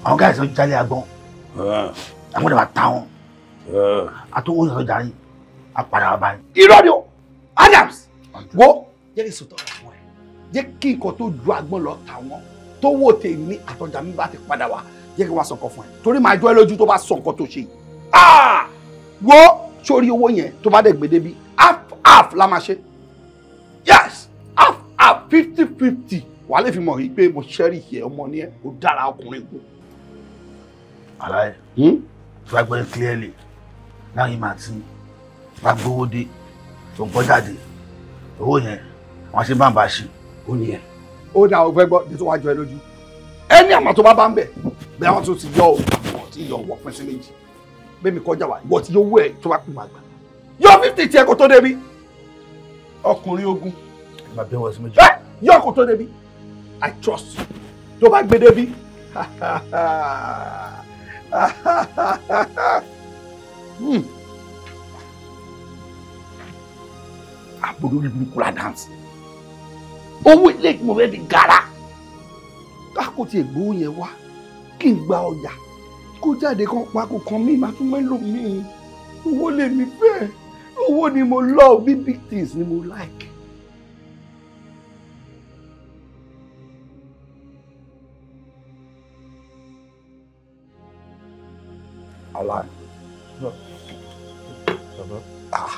àwọn gáà ìsọ jálẹ̀ agbọ́n ah. àwọn ìdàgbà ta wọn ah. àtọwọ́ ìsọ jálẹ̀ apàdà wa báyìí. irọ́ ni o Adams wo jẹ́ kí sòtọ́ ọ̀rọ̀ wọn jẹ́ kí nǹkan tó ju agbọ́n lọ ta wọn tó wò tèmi àtọjà mi bá ti padà wá jẹ́ kí wọ́n sọ nǹkan fún ẹ torí màá jọ ẹ lójú tó bá sọ nǹkan tó ṣe yìí ah! wo sórí owó yẹn tó bá dẹ̀ gbèdébí half half la máa ṣe yes a ah, fifty fifty wàá lè fi mọ̀ yìí pé mo ṣẹ́rìṣì ẹ ọmọ ni ẹ ó dára ọkùnrin kù. alaye if i gbọ́ clearly now you ma ti bá gbowó dé tó ń gbọ́ jáde owó yẹn wọ́n ṣe bá ń bá ṣe ó ní ẹ̀. ó dà o fẹ́ gbọ́ ní tó wá jọ ẹ lójú ẹni àmọ́ tó bá bá ń bẹ̀ bí àwọn tó ti yọ ọ àwọn tí yọ ọwọ́ pín sí méjì bẹ́ẹ̀ mi kọjá wa ìwọ tí yóò wú ẹ tó bá pè máa gbà yọ fífi tiẹ̀ kó tó débi ọkùnrin ogun máa bẹ́ wọ́n sí méjì. Eh! yọ ọkọ tó débi i trust tó bá gbé débi hmm. àbúrò rí burúkú la dance owó ilé ìgbìmọ̀ rẹ̀ di gara kákò tí ègbó yẹn wá kí n gba ọjà kó jáde kan pa kò kan mí màá tún mẹ́lò míì owó lèmi fẹ́ owó ni mo love big big things ni mo like. Ọlá. Ah.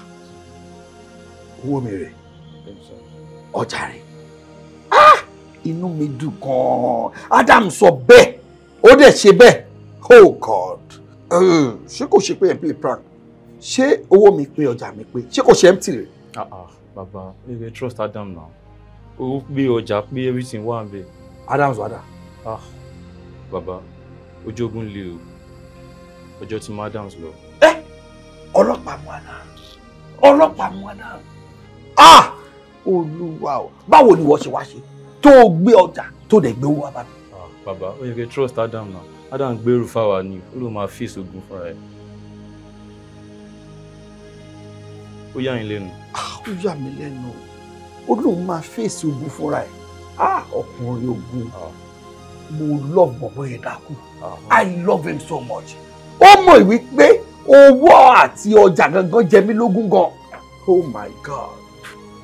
Owó mi Ah! Inú mi dùn gan Adam sọ bẹ́ẹ̀. Ó dẹ̀ ṣe bẹ́ẹ̀. Oh God. Eh, ṣé kò ṣe pé ẹ̀ ń play prank? Ṣé owó mi pé ọjà mi pé? Ṣé kò ṣe empty rè? Ah ah, bàbá, you dey trust Adam now. Ó pé ọjà pé everything wà ń bẹ̀. Adam's wàdà. Ah, bàbá, ojú ogun le o ọjọ́ tí madams lọ. ẹ ọlọ́pàá mú àná ọlọ́pàá mú àná ah olúwa o báwo ni wọ́n ṣe wá ṣe tó o gbé ọjà tó dẹ̀ gbé owó wá bàbá ó yẹ kí trust adam náà adam gbèrú fáwa ni ó ló máa fi ìṣògùn fúnra ẹ̀. ó yà yín lẹ́nu. ó yà mí lẹ́nu ó lóun máa fèsì ogun fúnra ẹ̀ ọkùnrin ogun mo love bọ̀bọ̀ yẹn dákú i love him so much ó mọ̀ wípé owó àti ọjà gangan jẹ mí lógún gan oh my god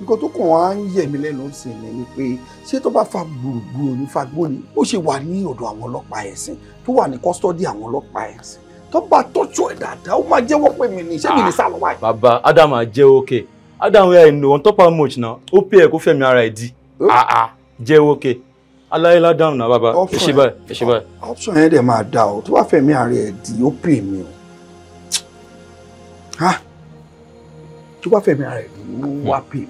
nǹkan tó kàn wá ń yẹ̀ mí lẹ́nu ọ̀sẹ̀ yẹn ni pé ṣé tó bá fa gbùrùgbùrù ní fagbóni ó ṣe wà ní ọ̀dọ̀ àwọn ọlọ́pàá ẹ̀sìn tó wà ní kọ́sítọ́dì àwọn ọlọ́pàá ẹ̀sìn tó bá tọ́jú ẹ̀ dáadáa ó máa jẹ́wọ́ pé mi ní ṣé mi ní ah, sá lọ́wọ́ yìí. bàbá adam àjẹ́ òkè adam ẹ̀ ń lò on top how much na ó pay ẹ̀ kó fẹ̀mí ara ẹ̀ di àà oh. ah, ah, jẹ́ òkè aláyélá dáhùn náà bàbá ẹ ṣe báyìí ẹ báyìí. option yẹn dẹ̀ máa da o tó bá fẹ̀mí ààrẹ ẹ̀ dì ó pè mí o tó bá fẹ̀mí ààrẹ ẹ̀ dì ó wá pè mí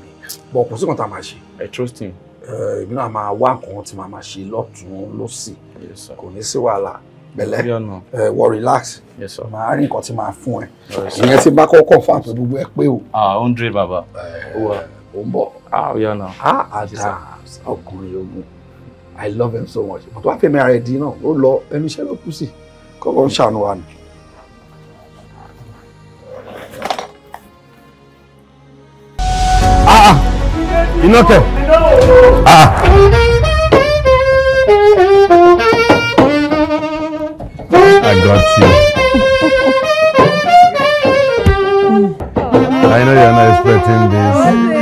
bọ̀ kò sí kan tá a máa ṣe. I trust him. èmi náà máa wá nǹkan tí màá máa ṣe lọ́tún lọ́sì kò ní sí wàhálà bẹ̀lẹ́ wọ relax màá rí nǹkan tí màá fún ẹ ìyẹn ti bá kọ́kọ́ fà pé gbogbo ẹ pé o. ah hundred bàbá ó ń bọ̀. ah ó yà náà. ah àdá ọkùnrin ogun. I love him so much but wá fẹmi ara ẹ di náà ó lọ ẹnu iṣẹ́ ló kù sí kọlọ ń ṣàánú wa ni. Ah, ah. iná kẹ. Ah. I got you. I know you're not expecting this.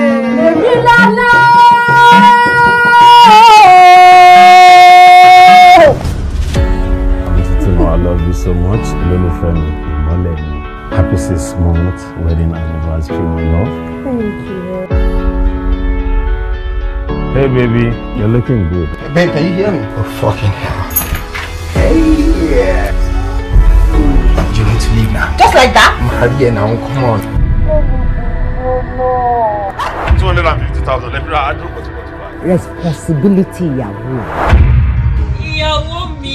so much. Lolufemi Molemi. Happy six month wedding anniversary, my love. Thank you. Hey, baby, you're looking good. Hey, babe, can you hear me? Oh, fucking hell. Hey, yeah. You need to leave now. Just like that? Maria, now, come on. 250,000. Let me know. I do what you want to buy. Responsibility, Yahoo. Ìyàwó mi.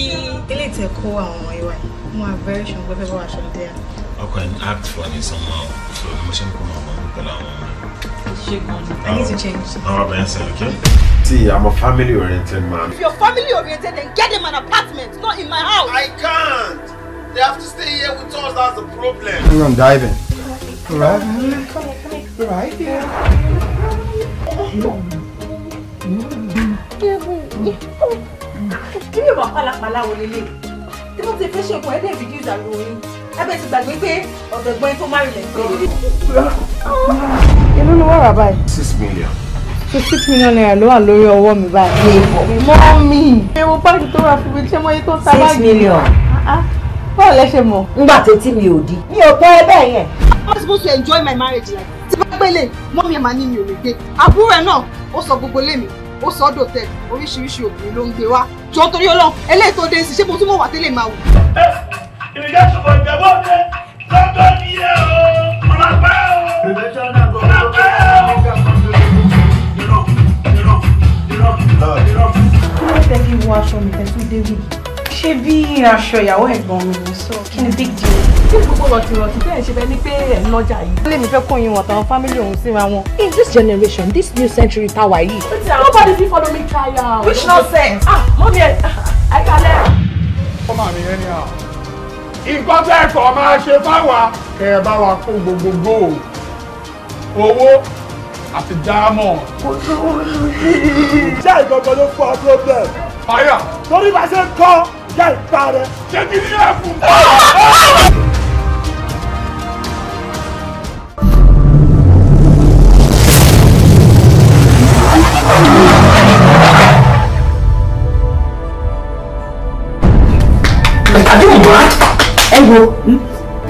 Ilé ìtẹ̀kọ́ àwọn ìwà mo are very sure pé fẹ́ I wa act funny somehow so I'm mo ṣe ń kó mọ ọmọ mi pẹ̀lú I need to change. àwọn ọmọ yẹn okay. See, I'm a family oriented man. If you're family oriented, then get them an apartment, not in my house. I can't. They have to stay here with us, that's the problem. We're on diving. Right here. Come on, come on. Right here. Kí ni wàhálà pàlà wọlé lé? tí mo ti fẹ́ ṣe òkun ẹ̀dẹ̀ fìdí ìdàrú oyún ẹbẹ̀ ti gbàgbé pé ọ̀dọ̀ ẹ̀gbọ́n tó márùn lẹ̀ ń inú ni wọ́n rà báyìí. six million. so six million naira ló wà lórí ọwọ́ mi báyìí. mọ́ mi. ewu báńkì tó rà fún mi ṣé mo yí tó ta báyìí. six million. Ah, ah. báwo lẹ ṣe mọ̀. ngbà tètè mi ò di. mi ò pẹ́ bẹ́ẹ̀ yẹn. I'm supposed to enjoy my marriage life. tí bá gbélé mọ́ mi ó sọ́dọ̀ tẹ oríṣiríṣi obìnrin ló ń gbé wá jọ torí ọlọ́run eléyìí tó dé sí ṣé mo tún mọ̀ wá tẹ́lẹ̀ máa wù. ìrìnà ṣùgbọ́n ìjẹ́bọ́ ṣe lọ́dọ̀ ni o ọ̀nà pẹ́ o ọ̀nà pẹ́ o. ìrọ̀ ìrọ̀ ìrọ̀ ìrọ̀. ó lè fẹ́ kí n wọ aṣọ mi fẹ́ tún dé wíì ṣé bí aṣọ ìyàwó ẹ̀gbọ́n mi ni so kí ni big deal. bí gbogbo rọ̀tìrọ̀tì bẹ́ẹ̀ ṣe bẹ́ẹ̀ ni pé ẹ̀ ń lọ́jà yìí. wọ́n mi fẹ́ kó yín wọn àtàwọn fámílì òun síra wọn. in this generation this new century tàwa yìí. nobody fit follow me try am. which nonsense. ah mọ́mí ẹ̀ ẹ̀ kalẹ̀. ọmọ mi yẹn ni à nǹkan tẹ́ ẹ̀kọ́ máa ṣe fáwa kẹ́ ẹ bá wa kó gbogbogbò owó àti dáámọ̀. ṣé ìgbọ̀ngàn ló fọ́ problem. fire. torí bá ṣe ń kọ́ já ìta rẹ. ṣé kí ni ẹ fún mi. ẹ̀wò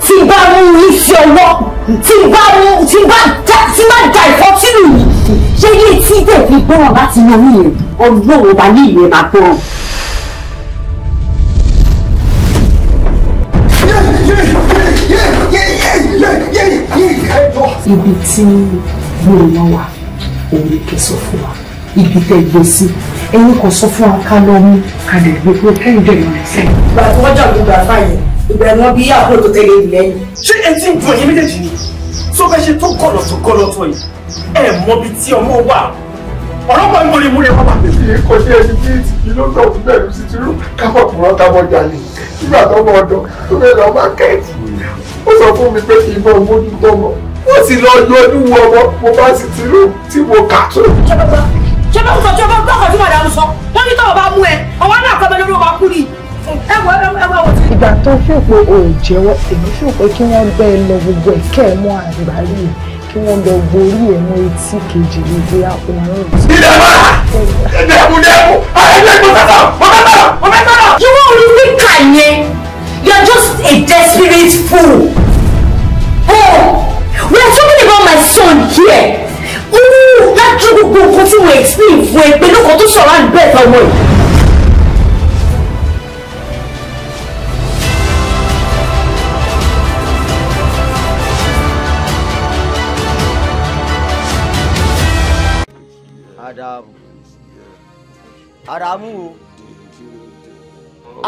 tí bá mú yín sí ọwọ́ tí bá mú tí bá da tí bá da ìfọ́sílù yìí ṣé yé tí tẹ̀ fi gbọ́ràn láti yan mí yẹn ọlọ́run ọba ní ìyẹn máa gbọ́ràn. ibi tí gbóná wà òun ni kẹ́ sọ fún wa ibi tẹ́ gbé sí ẹ̀yin kò sọ fún wa ká lọ mú ká lè gbé pé kẹ́yìn dẹ̀ lọ́rẹ́ sẹ́yìn. ìgbà tí wọ́n jàdùn gbà fáyẹn ìgbà ni wọ́n bí àbúrò tó tẹ̀lé ìlú lẹ́yìn. ṣé ẹ ti ń bu ẹyin méjèèjì ni tó bẹ́ ṣe tó gọ̀lọ̀ tó gọ̀lọ̀ tó yìí ẹ mọ ibi tí ọmọ wà ọlọ́pàá ń borí múlẹ̀ pápá. èyí kò ṣe ẹni tí ìlọ́dọ̀ ti bẹ̀rù sí ti rú kábọ̀ tó rán tábọ̀ jalè nígbà tó mọ ọdọ tó bẹ̀rẹ̀ ọmọ akẹ́ẹ̀tì ó sọ fún mi pé kí n bọ́ ó ti lọ yọjú wo ọmọ mo bá sì ti rú tí mo kà tó. ṣé bá ń sọ tí ọba gbọ́kọ̀ tí màdàmú sọ wọ́n ní tọ́wọ́ bá mú ẹ ọwọ́ náà kọ́ bẹ́ẹ̀ lórí ọba kú ni ìgbà tó fòpò òun jẹ́wọ́ èmi fòpò kí wọ́n bẹ́ ẹ lọ gbogbo ẹ̀kẹ́ ẹ̀ mọ́ àrìbá rí i kí wọ́n lọ borí ẹ̀ mọ́ etí kejì ní ìgbé àpòmọ́rún. ilé wa dẹ́kun dẹ́kun ayélujára mọ́tàtà mọ́tàtà mọ́tàtà. you won't even kàn yẹn you are just a desperate fool brought my son here ooh that gbogbo nǹkan tí mo explain We ẹ pé lóko tó sọ̀rọ̀ àdúgbò ẹ̀fọ́ ọmọ yìí. Adamu Adamu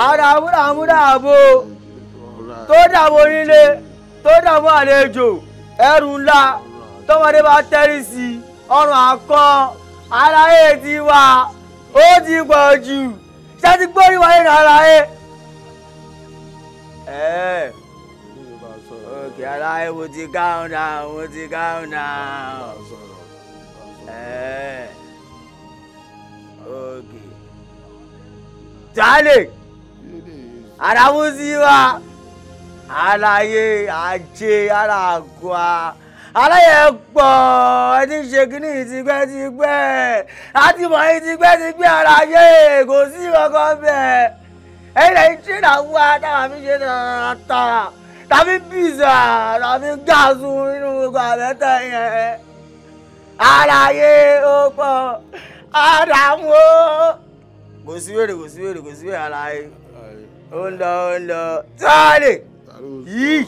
Adamu Adamu Dàbò tó dàbò nílé tó dàbò àlejò ẹrù ńlá tọmọdé bá tẹ́rì sí ọrùn àkọ́ aláyé ti wà ó ti pọ̀ jù ṣé ti gbórí wáyé aláyé. ẹ òkè aláyé mo ti káwọn náà mo ti káwọn náà ẹ òkè jálè àràmúsí wa aláyé ajé alágùá aláyẹ pọ̀ ẹni ṣe kínní tipẹ́tipẹ́ àtìmọ̀ yìí tipẹ́tipẹ́ aláyé kò sí kankan bẹ́ẹ̀ ẹ̀yìn lẹ́yìn tí ìdààmú àtàwọn mi ṣe tààtà tàbí pizza tàbí gáàsù nínú gbogbo àbẹ́tẹ̀ yẹn aláyé ó pọ̀ àdàmú ó kò sí wèrè kò sí wèrè kò sí wèrè aláyé ó ń lọ ó ń lọ sọ́ọ̀lì yìí.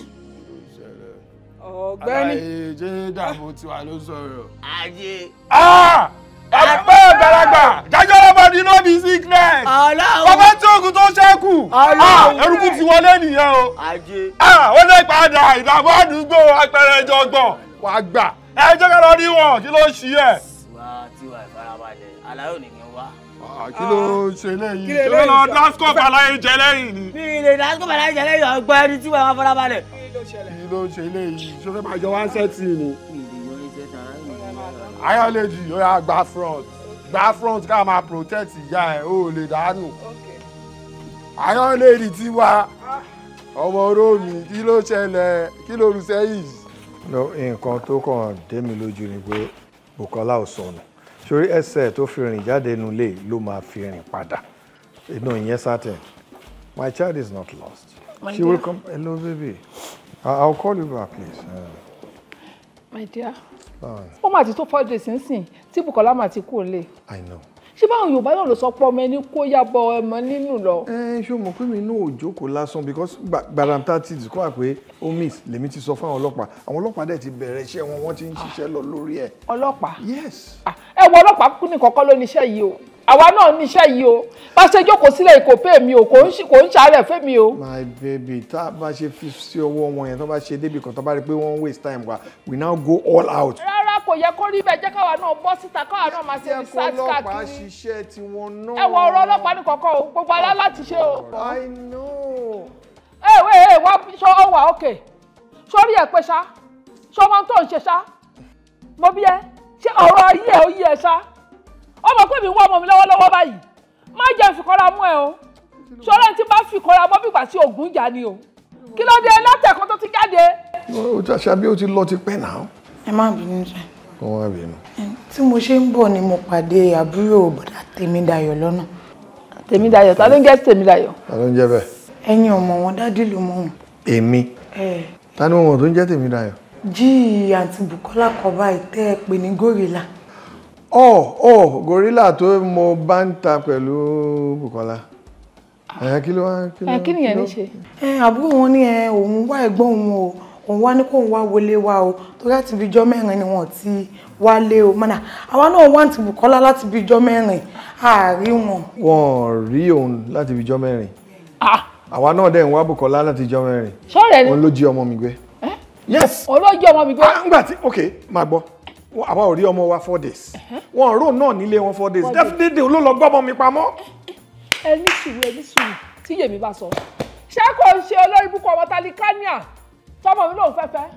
ọ̀gbẹ́ni. àjẹ dàbò tiwa ló sọ̀rọ̀. àjẹ. ẹgbẹ́ ìgbàlagbà jájọ́ lọ́ba ní no be sickness. bàbá tí oògùn tó ṣẹ́kù eruku ti wọlé nìyẹn o. àjẹ. ó lè padà ìdààmú àdúgbò apẹ̀rẹ̀ ìjọgbọ̀n wàá gbà ẹ jẹ́ ká lọ rí wọn kí ló ṣí ẹ. wàá tiwa ìfarabalẹ̀ aláyọ̀ nìkan. Ah, Kilo ló ah, ṣe lẹ́yìn ṣé lọ daskop aláyé jẹ lẹ́yìn ni. mi ìlè daskop aláyé jẹ lẹ́yìn ọgbọ́n ẹni tí wọ́n fọ́nra balẹ̀. kí ló ṣe lẹ́yìn ṣé fẹ́ máa jọ wá sẹ́tì ni. ayọ̀lẹ́jì ó yà gba front gba front ká máa protect ìyá ẹ̀ ó lè dànù. ayọ̀lẹ́jì ti wá ọmọ rómi kí ló ṣẹlẹ̀ kí ló rú sẹ́yìn. nǹkan tó kàn dé mi lójú ni pé Bùkọ́lá ò sọnù sórí ẹsẹ̀ tó fi rìn jáde nulẹ̀ ló máa fi rìn padà inú ìyẹn certain my child is not lost my she dear. will come hello baby I will call you back please. Uh. my dear ó mà ti tó four days nísìn tí Bùkọ́lá mà ti kú òun lè. I know ṣé báwọn yorùbá náà ló sọ pé ọmọ ẹni kó yàbọ ọmọ nínú lọ. ẹ ṣé o mọ̀ pé mi náà ò jókòó lásán because gbaramta ti dìkọ́ à pé ó miss lèmi ti sọ fún àwọn ọlọ́pàá àwọn ọlọ́pàá dẹ̀ ti bẹ̀rẹ̀ iṣẹ́ wọn wọ́n ti ń ṣiṣẹ́ lọ lórí ẹ̀. ọlọ́pàá yes. Ah, ẹ wo ọlọ́pàá kú ní kọ́kọ́ lóníṣẹ́ yìí o àwa náà níṣẹ́ yìí o bá ṣe jókòó sílẹ̀ kò mi o kò ń ṣàárẹ̀ fẹ́ mi o. my baby tá a bá ṣe fi sí ọwọ́ wọn yẹn tó bá ṣe débi kan tó bá rí pé wọ́n ń waste time wa we now go all out. rárá kò yẹ kó rí bẹ́ẹ̀ jẹ́ káwa náà bọ́ síta káwa náà máa ṣe research káàkiri. ọlọ́pàá ṣiṣẹ́ tiwọn náà. ẹ ọ̀rọ̀ ọlọ́pàá ní o gbogbo alá láti ṣe o. i know. ẹ wẹ ẹ wá ṣọ ọ wà ókè sórí ẹ pé ṣá ṣọmọ tó ń ṣe ṣá mo bí ẹ ọmọ pé mi wá ọmọ mi lọ́wọ́lọ́wọ́ báyìí má jẹ́ ìfikọ́ra mú ẹ o ṣọlá tí bá fikọ́ra mọ́ bí ìgbà tí ògùn jà ni o kí ló dé látẹ̀kọ́ tó ti jáde. o ti àṣà bí o ti lọ ti pẹ́ náà. ẹ má bínú jẹ. kó wá bínú. tí mo ṣe ń bọ̀ ni mo pàdé àbúrò bọ̀dá Tèmídayọ̀ lọ́nà. Tèmídayọ̀ ta ló ń jẹ́ Tèmídayọ̀. ta ló ń jẹ́ bẹ́ẹ̀. ẹ̀yin ọmọ wọn dádì ló mọ wọn. èmi. ta ni wọn tó ń jẹ́ Tèmídayọ̀. jí àǹtí Bùkọ́lá kọ́ báyìí pè ní gòrìlà oh oh gorilla tó mo bá ń ta pẹ̀lú Bukola ẹ kí ló wá kí ló kí nìyẹn ní ṣe. ẹ àbúrò wọn ní ẹ òun wá ẹ̀gbọ́n òun o òun wá ní kó òun wá wọlé wa o torí àti ibijọ́ mẹ́rin ni wọ́n ti wálé o mọ́nà àwa náà wá ti Bukola láti ibijọ́ mẹ́rin àárí wọn. wọn rí òun láti ibijọ́ mẹ́rin ah! àwa náà dẹ̀ ń wá Bukola láti ibijọ́ mẹ́rin. sọ́ọ̀rẹ́ ni òun ló jí ọmọ mi gbé. yes. òun ló jí ọmọ mi gbé. ah ngbà tí ok máa gbọ́ àwa ò rí ọmọ wa four days wọn rò náà nílé wọn four days definitely ló lọ gbọ́mọ mi pamọ́. ẹ sùúrù ẹ sùúrù tí yèmí bá sọ ṣé kò ń ṣe olórí búkọ ọmọ talikania tọmọ mi lòún fẹ́fẹ́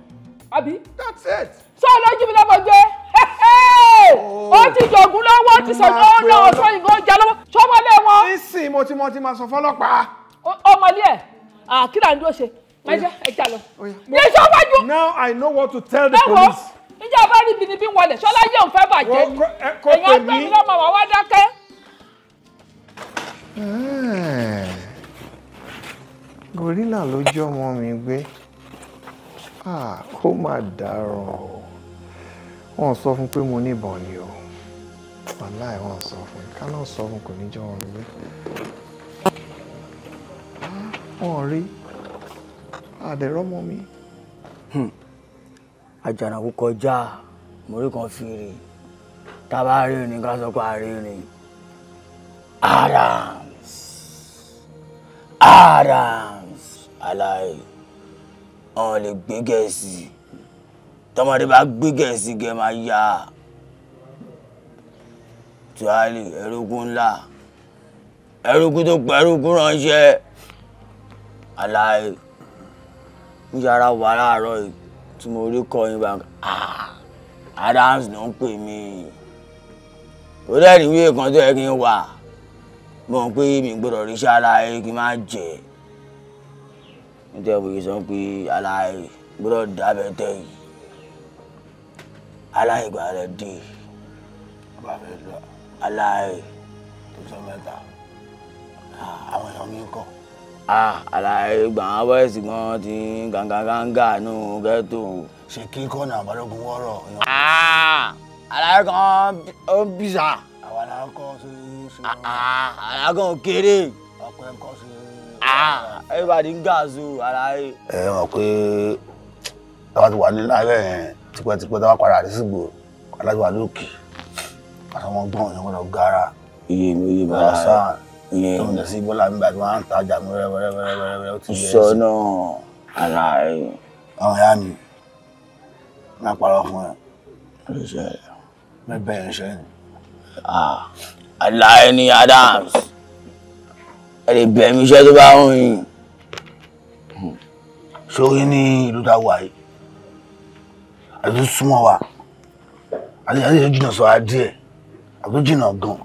àbí. that's it. sọ lójú mi lọ́mọ jẹ́ oh. ó ti jọ̀gún lọ́wọ́ ti sọ̀rọ̀ ọ̀nà ọ̀sán ìgbọ̀n jẹ́ lọ́wọ́ sọ́mọlé wọn. sísìn mo ti mọ ti máa sọ fọlọ́pàá. ọmọlé ẹ àkìlà ń dúró ṣe máa jẹ ẹja lọ. ní sọ́wájú. now i know what to tell the police níjà bá rí bínibí wọlé ṣọlá yóò fẹ́ bàjẹ́ ni èèyàn gbé mi lọ́mọ wá wá dákẹ́. Eh, gorilla ló jọ́ ọmọ mi gbé ah, ó mà dáràn o wọ́n sọ fún pé mo níbọn ni o wàláì wọ́n sọ fún mi kánà sọ fún kò ní jọ́ wọn gbé ah, wọ́n rí àdẹ̀rọ́mọ mi. Hmm àjànàkú kọjá mórí kan fèrè tábà rìnrìn ká sọ pé àrìnrìn Adams Adams aláì ọ̀n lè gbé gẹ̀ẹ́sì tọmọdé bá gbé gẹ̀ẹ́sì gẹ̀ máa yá tuwali ẹrúgún ńlá ẹrúgún tó pẹ̀rúgún ránṣẹ́ aláì ń yára wà láàárọ̀ yìí tí mo rí kọ yín bá Adams ló ń pè mí kò dẹ́rì wí èèkàn tó yẹ kí n wà mọ̀ pé mi gbọ́dọ̀ rí sára ẹ kí n má jẹ́ nítorí òye sọ pé aláì gbọ́dọ̀ dábẹ́ tẹ̀ yìí aláì gbà rẹ̀ dé aláì tó sọ mẹ́ta àwọn èèyàn mi kọ́. Ah, àlàyé gbà wọn bọ́ẹ̀sì gan ti gàǹgàǹgà nù ghetto. ṣe kí kọ́nà àbálògún wọ́rọ̀. Ah, àlàyé kan ó ń bìsà. àwa la kọ́ sí ṣe. Ah, àlàyé kan ò kéré. ọpẹ kọ́ sí. everybody ń gàzù àlàyé. ẹ mọ̀ pé táwa ti wà ní láàárẹ̀ yẹn tipẹ́tipẹ́ táwa padà rí sígbò alájọ wà lókè àtàwọn gbọ́n yẹn wọ́n lọ gara. iye mi iye mi ìyẹn ọ̀nà sí bọ́lá mi bàbá wọn tajà mi wẹ́rẹ́wẹ́rẹ́wẹ́rẹ́ ó ti bẹ̀rẹ̀ sí. sọ́nà ara ẹ̀. ọ̀hún ya mi máa parọ́ fún ẹ. mẹ́bẹ̀ yẹn ṣe ni. àlàyé ni Adams ẹ lè bẹ̀ mí iṣẹ́ tó bá ń rìn. sórí ní ìlú tá a wà yìí àti súnmọ́ wa àti àti jìnnà sọ̀rọ̀ díẹ̀ àti jìnnà gan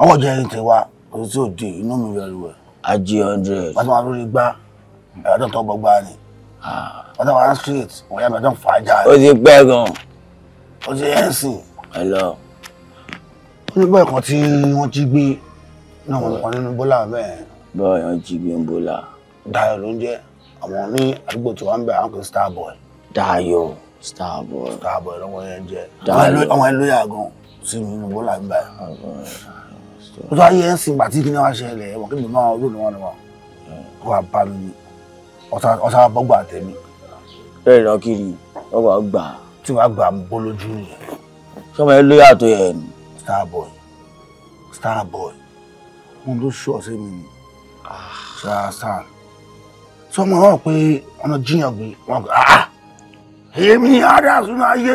ọwọ́ jẹ́ ẹni tiwa kò sí òde inú mi very well. ajé hundred. wọ́n ti máa lórí gbá ẹ̀rọ tó ń tọ́ gbọ́gbá ni wọ́n ti máa street wọ́n yá mi ọjọ́ fà á já. ó ti pẹ́ gan. ó ti ẹ̀ ń sìn. ẹ lọ. ó ní bọ́ọ̀ kan tí wọ́n jí gbé náà wọ́n kàn nínú bọ́lá bẹ́ẹ̀. bọ́ọ̀ yẹn jí gbé ń bọ́lá. Dayọ̀ ló ń jẹ́ àwọn ní àdúgbò tí wọ́n ń bẹ̀ àwọn kò star boy. Dayọ̀ star boy. star boy lọ́wọ́ yẹn jẹ́. Dayọ̀ àwọn ẹlòyà gan sí mi nínú bọ́lá ń bẹ̀. ó tó ayé ẹ̀ gbàtí kí ni wàá ṣẹlẹ̀ ẹ̀wọ̀n kí ni mo máa lónìí wọn ni wọn kó wa bá mi bọ́gbà tẹ̀mí. bẹ́ẹ̀ ọgbà gbà. tí wàá gbà bó lójú ẹ ló yàtọ̀ ni. wọn ló mi ni pé ni náà yé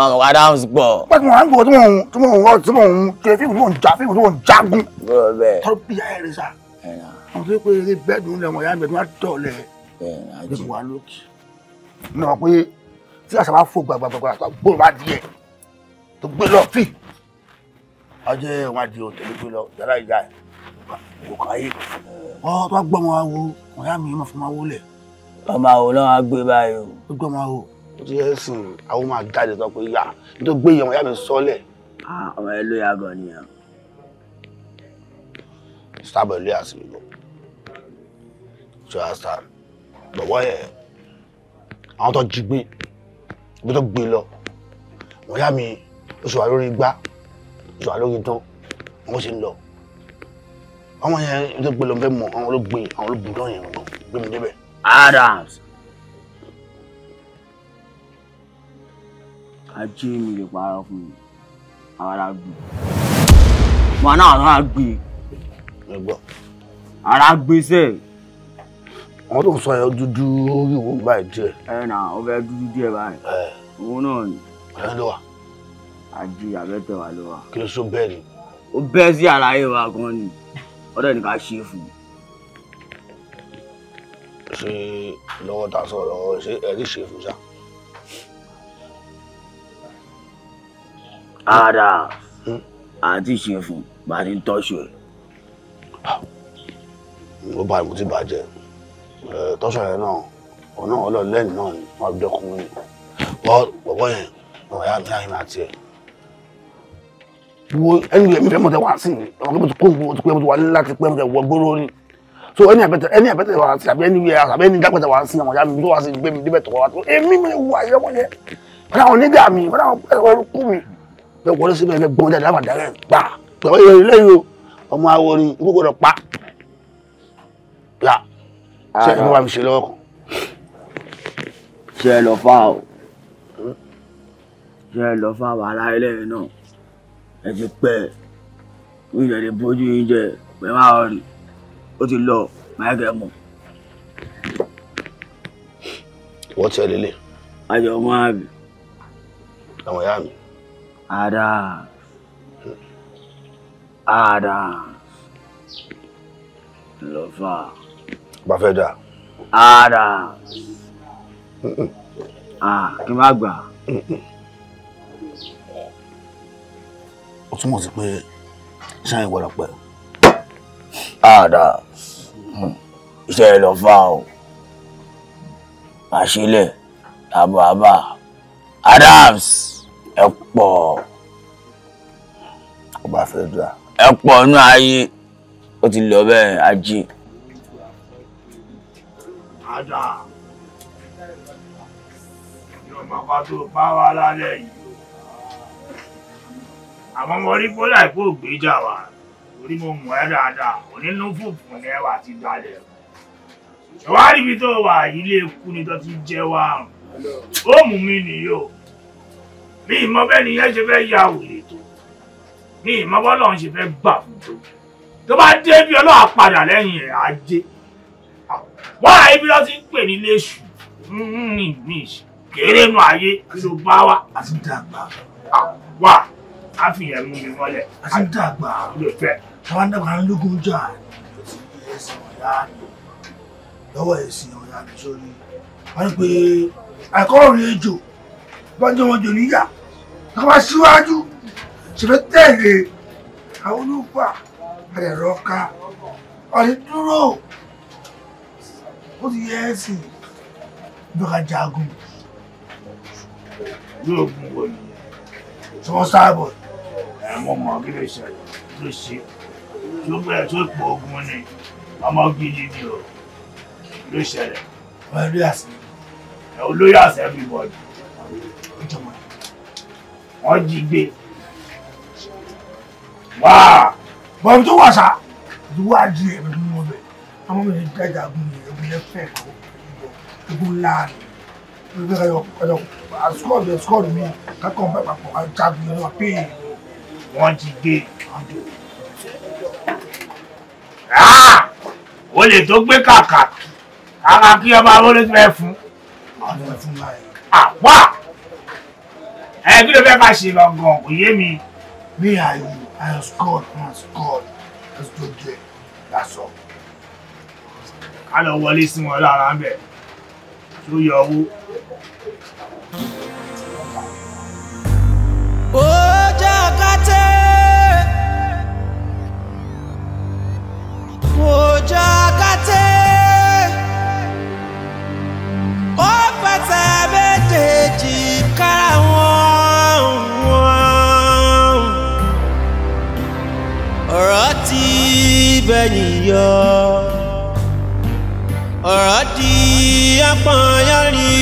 ọmọ wa dáhùn sí pọ̀. pẹ̀lú àwọn àgbò tí mò ń tí mò ń wọ́n tí mò ń ṣe fíìmù tí mò ń já fíìmù tí mò ń jagun. bẹ́ẹ̀ tọ́ bí ayé rẹ sá. àwọn tó yẹ pé eré bẹ́ẹ̀dù ń lẹ̀ wọ̀nyá ń bẹ̀ tí wọ́n tọ̀ lẹ̀. bẹ́ẹ̀ wà lókè. ní wọn pé tí àṣà bá fò gbàgbàgbà tó gbòòrò bá di ẹ̀ tó gbé lọ fì. ọjọ́ wọn àti òtẹ̀lé gbé lọ yàrá ìyá ẹ̀ kò káyé. ọ tó gbọ́ ọmọ wa wo ọ̀yá mi ọmọ fún ma wo lẹ̀. ọmọ àwòrán wa tí ẹ sìn àwọn máa jáde sọ pé yà tó gbé ìyàwó yà mí sọ́lẹ̀. Ah, ọmọ ẹ ló yà gan ni ọ. sábà ilé àsìkò lọ ṣe àṣà lọ́wọ́ ẹ̀ àwọn tó jí gbé ibi tó gbé lọ wọ́n yá mi oṣù wà lórí igbá oṣù wà lórí tán wọ́n sì ń lọ àwọn yẹn ibi tó gbé lọ fẹ́ mọ̀ àwọn ló gbé àwọn ló bù náà yẹn gbé mi débẹ̀. Adams ajé mi lè parọ́ fún mi arágbé wọn náà arágbé. ẹ arágbé sẹ́ẹ̀ wọn tó sọ yẹn dúdú orí òun báyìí díẹ̀. ẹ nà ó fẹ́ dúdú díẹ̀ báyìí. òun náà ni. ẹ ló wà. àjí àbẹ́tẹ̀ wa ló wà. kí ló sọ bẹ́ẹ̀ ni. ó bẹ́ sí àlàyé wa gan ni ọ̀dọ̀ ní ká ṣe fún un. ṣé lọ́wọ́ tá sọ̀rọ̀ ṣé ẹ̀rí ṣe fún ṣá. ara àti ṣèfù bá ní tọ́ṣù ẹ̀. ó bá ìmú tí bàjẹ́ tọ́ṣù ẹ̀ náà òun náà ọlọ́ọ̀ lẹ́yìn náà ni wọ́n fi dọ́kun ní bọ́ọ̀ yẹn ọ̀rọ̀ yá mi láyé máa tiẹ̀. wo ẹni ẹ̀mí fẹ́ mọ̀ tẹ́ wá sí i ọmọ kí mo ti kó mo ti pé mo ti wà ní láti pé mo ti wọ gbóró ni so ẹni àbẹ̀tẹ̀ ẹni àbẹ̀tẹ̀ wá sí àbí ẹni wíyà àbí ẹni dápẹ̀tẹ̀ wá sí àwọn yá mi tó wá sí gbé mi débẹ̀ tọ̀ wá tó èmi mi wà ẹ̀yọ́ wọ́n yẹ fúnra wọn nígbà mi fúnra wọn kú mi bẹ wọlé síbẹ̀ bẹ gbọ́n dáadáa wàdà rẹ̀ gbà pẹ̀lú ìyẹn lẹ́yìn o ọmọ awọrin ikú gbọdọ̀ pa là ṣe ìfún wa mi ah. ṣe lọ́wọ́ kan. ṣe é lọ fà o ṣe é lọ fà wàhálà ẹlẹ́yìn náà ẹ ti pẹ́ ìjẹ́ ti bójú ìjẹ́ pẹ̀ máa rìn ó ti lọ máìkẹ́ mọ́. wọ́n ti ẹ̀ lélẹ̀. àjọ máa bì. àwọn ìyá mi. Adam. Adam. Lover. Bafeda. Adam. Ah, kí má gbà. Ó túmọ̀ sí pé ṣáà ìwọ̀rọ̀ pẹ̀. Adam. Iṣẹ́ ẹ lọ o. Àṣílẹ̀, àbọ̀ àbà. Adams. ẹ pọ̀ ọba fẹ́dúrà ẹ inú ayé ó ti lọ bẹ́ẹ̀ ajé. ajá ìjọba tó bá yìí àwọn ọmọ orí kó gbèjà orí mo mọ̀ ẹ́ dáadáa ẹwà ti dalẹ̀ tó wà lè kú ni jẹ́ wa ó mú mi nìyó. ní ìmọ̀ bẹ́ẹ̀ nìyẹn ṣe fẹ́ ya òye tó ní ìmọ̀ bọ́lọ̀ ń ṣe fẹ́ gbà fún tó tó bá dé bí ọlọ́wà padà lẹ́yìn ẹ̀ á dé wọ́n àyè bí wọ́n ti ń pè ní léṣù ní ní kéré nu ayé kí ló bá wa. a ti dàgbà. wà á fi yẹn mú mi mọ́lẹ̀. a ti dàgbà. ló fẹ́. táwọn dàgbà ń jà lọ́wọ́ ẹ̀sìn ọ̀yá nìṣó ni wọ́n ní pé àìkọ́ rí ejò bọ́jọ́ wọn jò níyà káwá síwájú ṣẹ̀fẹ̀ tẹ̀lé àwọn olùkọ́ àbẹ̀rẹ̀ rọ́ọ̀ká ọ̀rẹ́ dúró ó ti yẹ ẹ́ sì lọ́ka jagun yóò gun wọ ni tí wọ́n sáàbọ̀ ẹ̀wọ̀n mọ̀ kí ló ṣẹlẹ̀ ló ṣe tí ó bẹ̀rẹ̀ tó pọ̀ ogun ni ọmọ gidi ni o ló ṣẹlẹ̀. olóyè àṣẹ olóyè àṣẹ bí bọ́ọ̀dù jọmọ wọn jí gbé wá bọ́ọ̀bù tó wà sá ìwádìí ẹ̀rọ ní wọn bẹ̀ àwọn ọmọ yẹn dájà gùn ní ẹgbẹ́ lẹ́fẹ̀ẹ́ kọ́ ẹgbẹ́ láàrin ẹgbẹ́ kọ́ ọ̀dọ̀ àsukọ̀dù ẹ̀sukọ̀dù mi kákan bá papọ̀ ajagun náà pé wọ́n jí gbé ọdún. o lè tó gbé kàkà kàkà kí ọba wọlé tó fún ọdún ẹ fún láyé àwa ẹ kí ló fẹ́ máa ṣe lọ gan kò yé mi. me and you i was god i was god ká lọ wọlé sí wọn lára ń bẹ̀ tó yọ owó. ọjọ́ kàtẹ́ ọjọ́ kàtẹ́ ó pẹ̀sẹ̀ méjèèjì kára wọn. ọ̀rọ̀ ti bẹ̀yìn yọ ọ̀rọ̀ di apọ̀nyọ́rì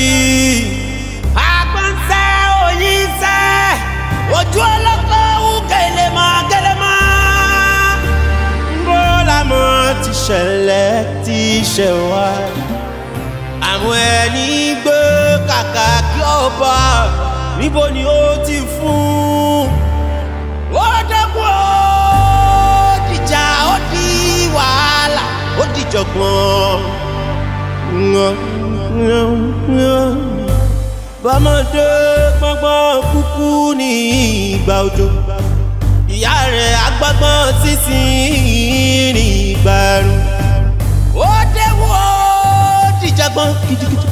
agbọ̀nsẹ̀ òyìnsẹ̀ ojú ọlọ́kọ̀ òun kẹlẹ́mọ́ kẹlẹ́mọ́ ńgbọ́ làmọ́ ti ṣẹlẹ̀ ti ṣẹ̀ wá àwọn ẹni gbé kàkà kí ọba níbo ni ó ti fún àjọgbọ́n. bámọ́dé gbọ́ngbọ́n kúkú ní ìgbà òjò ìyá rẹ̀ agbọ́ngbọ́n títí ní ìgbà ẹ̀rùn. ó déwọ́ dìjàgbọ́n kìjìkìjì.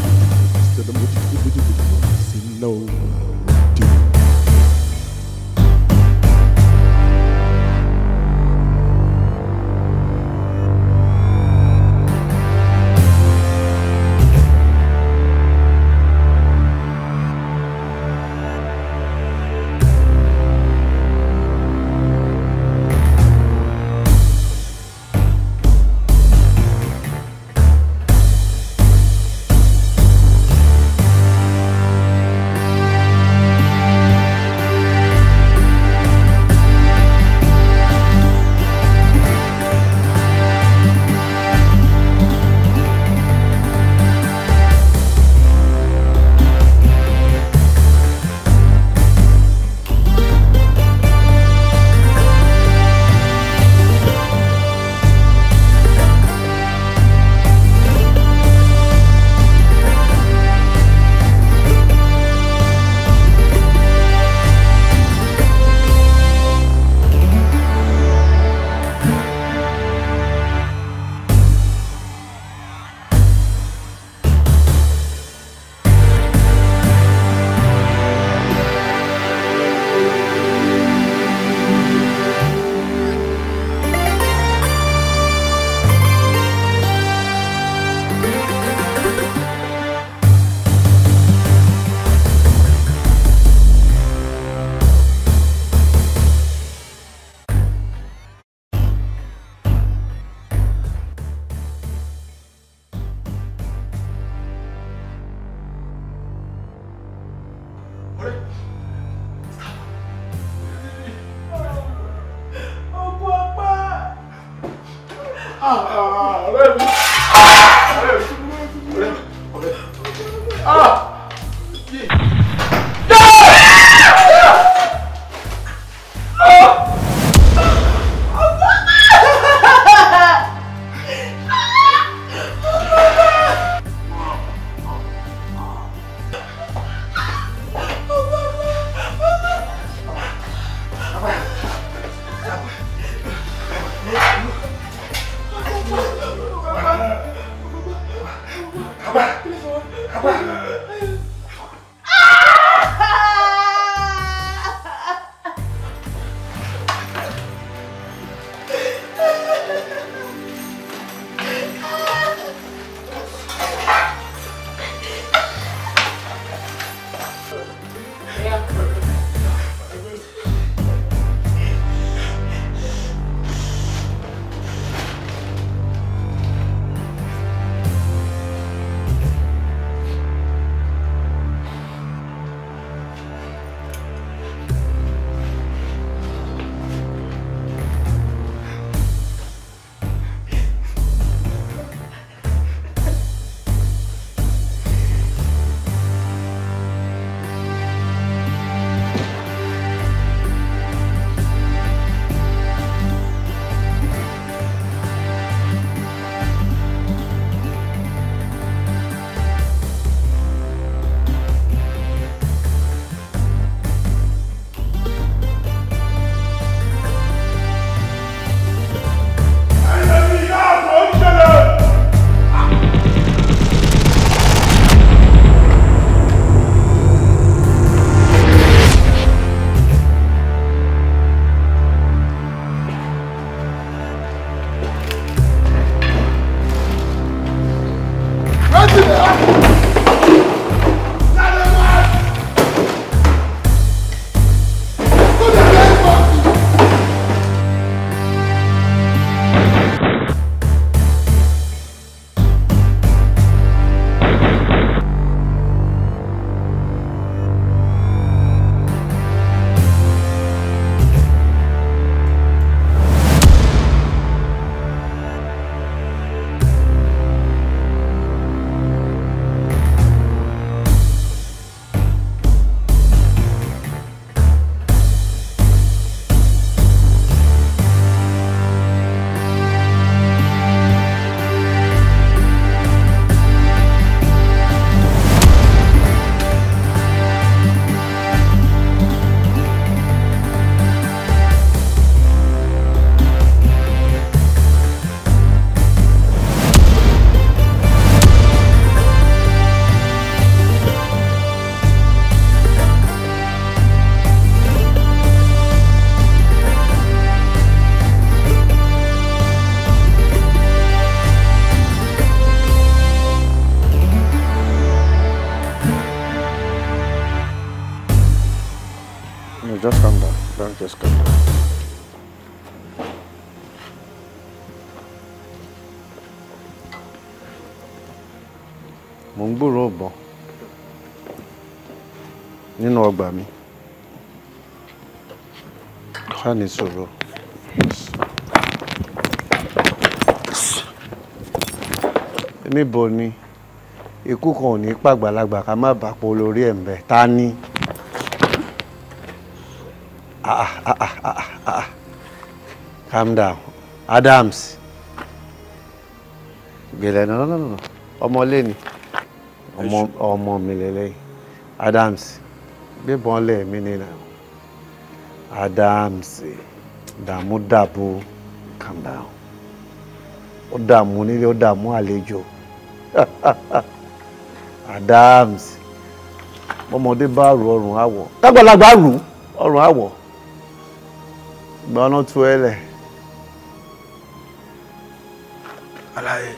Ah, ah, ah, ọ̀rẹ́ mi. just come down. mo ń gbúròó ọ̀bọ̀n nínú ọgbà mi ká ní sọ̀rọ̀. èmi bọ̀ ni ikú kan ò ní pàgbàlagbà ká má bàa polórí ẹ̀ ń bẹ̀ ta ni. calm down Adams gbèlè no no no no ọmọ lẹ́ni ọmọ ọmọ mi lẹ́lẹ́yìn Adams gbébọn lẹ́ẹ̀mí nínú Adams dààmú dààbò calm down ó dààmú nílé ó dààmú àlejò [laughs] Adams ọmọdé bá rù ọrùn àwọ̀ tágbàlagbà rù ọrùn àwọ̀ gbọ́nà tó ẹlẹ́ẹ̀. alaye.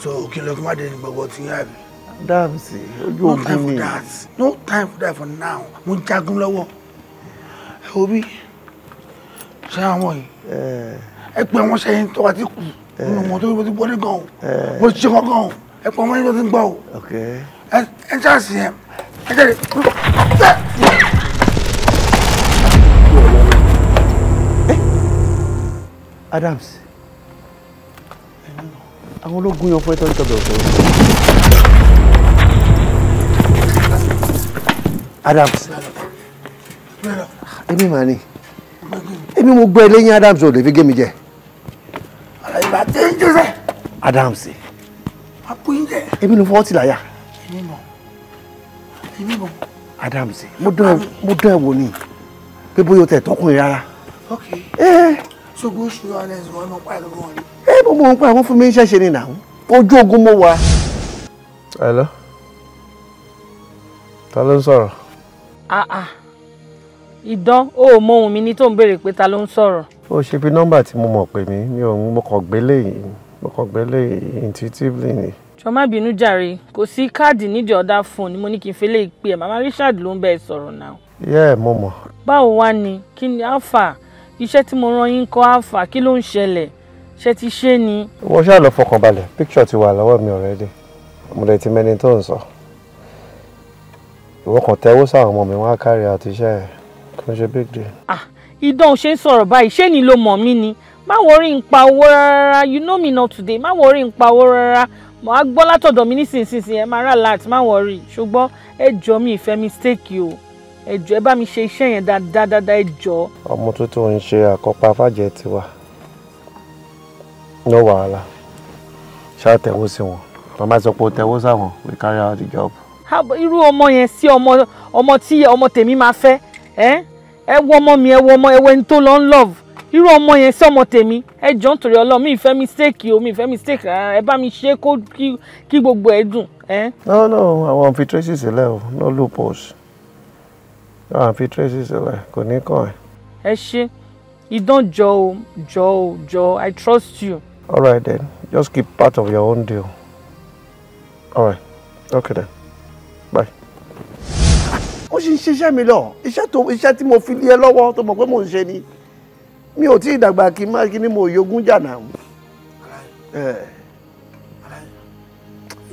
so kí ló kí má dé ní gbogbo ti yá mi. dams ojú ogun ni no time for that no time for that for now mo ń jagun lọ́wọ́ ẹ wo bí ṣé àwọn yìí eh. ẹ pé eh. eh. wọn sẹ́yìn tó wà tí kù nínú wọn tó ti bọ́ ní gan o mo ṣe wọn gan o ẹ pé wọn ní tó ti gbọ́ o ẹ ẹ ṣáàṣì yẹn ẹ jáde. Adams àwọn ológun yan fún ẹ tọ́jú tọ́jú ọ̀tọ̀. Adams èmi mà ni èmi mo gbọ́ eléyìn Adams ò lè fi gé mi jẹ. àlàyé àti ẹ̀jẹ̀ rẹ̀. Adams èmi ló fọwọ́ tì láyà. Adams mo dán ẹ wò ni pé bóyá o tẹ̀ tọkùnrin rárá. Eh, so go show and as one pa lo won eh mo mo pa wọ́n fún mi ṣẹ̀ṣẹ̀ ni ta ló sọ̀rọ̀ ah ah ìdán ó mọ ohun mi ní tó ń béèrè pé ta ló ń sọ̀rọ̀ ó ṣe bí nọ́mbà tí mo mọ̀ pé mi mi ò mo kàn gbé léyìn mo kàn gbé léyìn intuitively ni. jọ má jàre kò sí káàdì nídìí ọ̀dà fún ni mo ní kí n fi lè e ẹ̀ màmá Richard ló ń bẹ ẹ sọ̀rọ̀ náà. yẹ ẹ mo mọ̀. báwo wá ni kí ni alpha iṣẹ́ tí mo rán yín kọ́ àfà kí ló ń ṣẹlẹ̀ ṣe ti ṣe ni. wọ́n ṣáà lọ fọkàn balẹ̀ picture ti wà lọ́wọ́ mi already mo lè ti mẹ́ni tó ń sọ ìwọ kàn tẹ́wọ́ sáwọn ọmọ mi wọ́n á kárí àti iṣẹ́ ẹ̀ kí n ṣe big deal. ah idán ò ṣe ń sọ̀rọ̀ báyìí ṣé ni ló mọ̀ mí ni má worry ń pa owó rárá you know me not today má worry ń pa owó rárá mo á gbọ́ látọ̀dọ̀ mi nísinsìnyí ẹ máa rà láti má worry ṣùgbọ́n ẹ jọ mi ìfẹ́ mistake o ẹ jọ̀ọ́ ẹ bá mi ṣe iṣẹ́ yẹn dáadáa dáadáa ẹ ọmọ tuntun ń ṣe àkọ́pá fàjẹ́ tiwa no wàhálà ṣáà tẹ̀wọ́ sí wọn màmá sọ pé ó tẹ̀wọ́ sáwọn we carry out the job. irú ọmọ yẹn sí ọmọ ọmọ tí ọmọ tèmi máa fẹ́ ẹ wọ ọmọ mi ẹ wọ ọmọ ẹ wọ ẹni tó lọ ń love irú ọmọ yẹn sí ọmọ tèmi ẹ jọ̀ọ́ nítorí Ọlọ́run mi ìfẹ́ mistake o mi ìfẹ́ mistake ẹ bá mi ṣe kó kí gbogbo ẹ dùn. no no àwọn fi tracy sílẹ̀ o no loopholes a fi tracy sílẹ̀ kò ní kàn ẹ́. ẹ ṣe idán jọ o jọ o jọ i trust you. all right then just keep part of your own deal all right okay then bye. ó sì ń ṣiṣẹ́ mi lọ iṣẹ́ tó iṣẹ́ tí mo fi lé ẹ lọ́wọ́ tó mọ̀ pé mò ń ṣe ni mi ò tí ì dàgbà kí má kí ni mo yogún jà náà. Eh.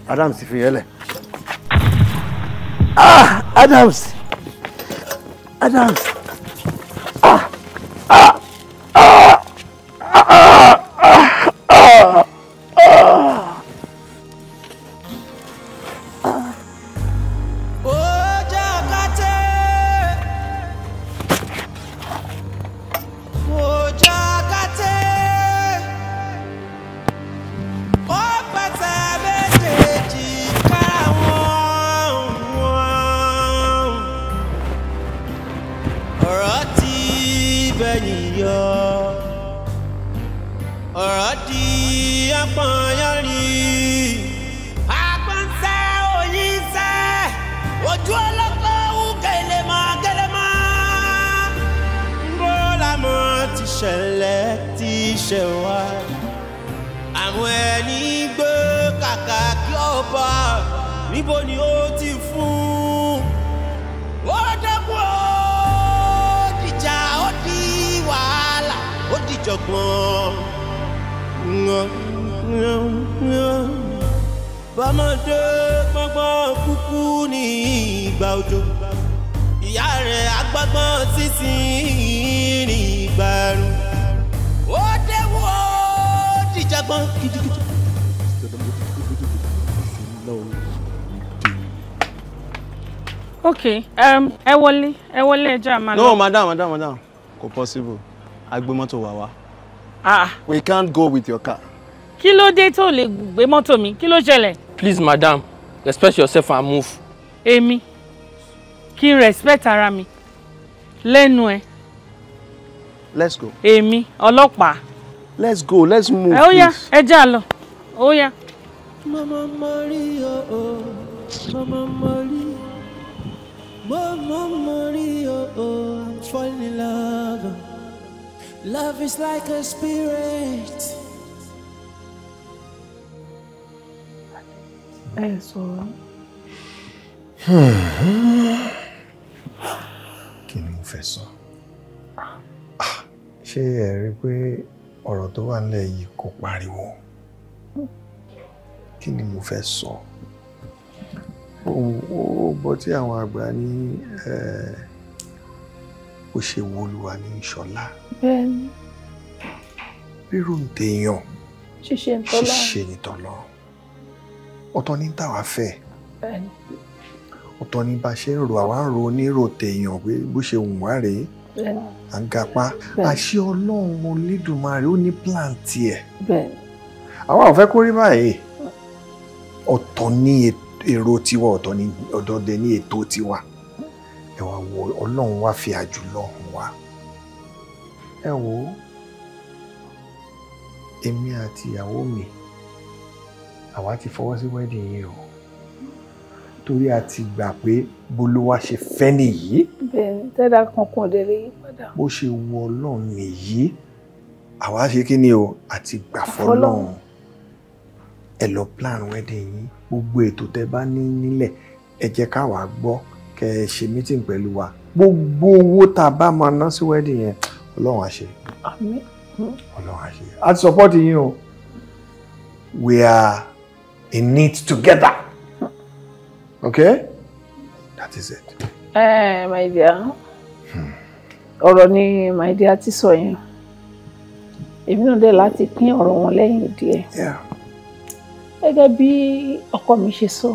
Adams fi yẹn Ah Adams. 张。Um, ẹ wọlé ẹ wọlé ẹjọ́ àmàlà. no madam madam madam kò possible a gbé mọ́tò wá wá. ah we can't go with your car. kí ló dé tó lè gbé mọ́tò mi kí ló ṣẹlẹ̀. please madam respect yourself and move. èmi kí n respect ara mi lẹ́nu ẹ. let's go. èmi ọlọ́pàá. let's go let's move please. ó yá ẹ já lọ ó yá. mama mario oh. mama mario. Mama Maria, oh, oh, I'm falling in love. Love is like a spirit. Ẹ sọ̀rọ̀. Kí ni mo fẹ́ sọ? Ah, ṣé ẹ rí i pé ọ̀rọ̀ tó wà nílẹ̀ yìí kò pariwo? Kí ni mo fẹ́ sọ? So? ó gbọ́ tí àwọn àgbà ní ó ṣe wo olúwa ní ìṣọ́lá. bẹ́ẹ̀ni. rírò ń tèèyàn. ṣíṣe ń tọ́lá. ṣíṣe ń tọ́lá. ọ̀tọ̀ ní tàwa fẹ́. bẹ́ẹ̀ni. ọ̀tọ̀ ní bá ṣe ń ro àwa ń ro onírò tèèyàn pé bó ṣe wù wá rèé. bẹ́ẹ̀ni. à ń gapá. àṣẹ ọlọ́run olódùmarè ó ní plan tiẹ̀. bẹ́ẹ̀ni. àwa ò fẹ́ kó rí báyìí ọ̀tọ̀ ní ètò èrò tiwa ọ̀tọ̀ ni ọ̀dọ̀ dẹ ní ètò tiwa ẹ wá wo ọlọ́run wá fi àjùlọ hàn wá ẹ wò ó èmi àti ìyàwó mi àwa ti fọwọ́ sí wedding yìí o torí a ti gbà pé bolúwa ṣe fẹ́ nìyí. bẹ́ẹ̀ni tẹ́lá kankan dẹ̀ lè padà. bó ṣe wù ọlọ́run nìyí àwa ṣe kí ni o àti gbà fọlọ́run ẹ lọ plan wedding yìí gbogbo ètò tẹ bá ní nílẹ̀ ẹ jẹ́ káwa gbọ́ kẹ ẹ ṣe meeting pẹ̀lú wa gbogbo owó tá a bá máa ná sí wedding yẹn ọlọ́run á ọlọ́run á a ti support yín o we are in it together okay that is it. ẹ eh, ẹ my dear hmm. ọ̀rọ̀ ni my dear ti sọ yẹn èmi náà dẹ̀ láti pín ọ̀rọ̀ wọn lẹ́yìn díẹ̀. Yeah gẹ́gẹ́ bí ọkọ mi ṣe sọ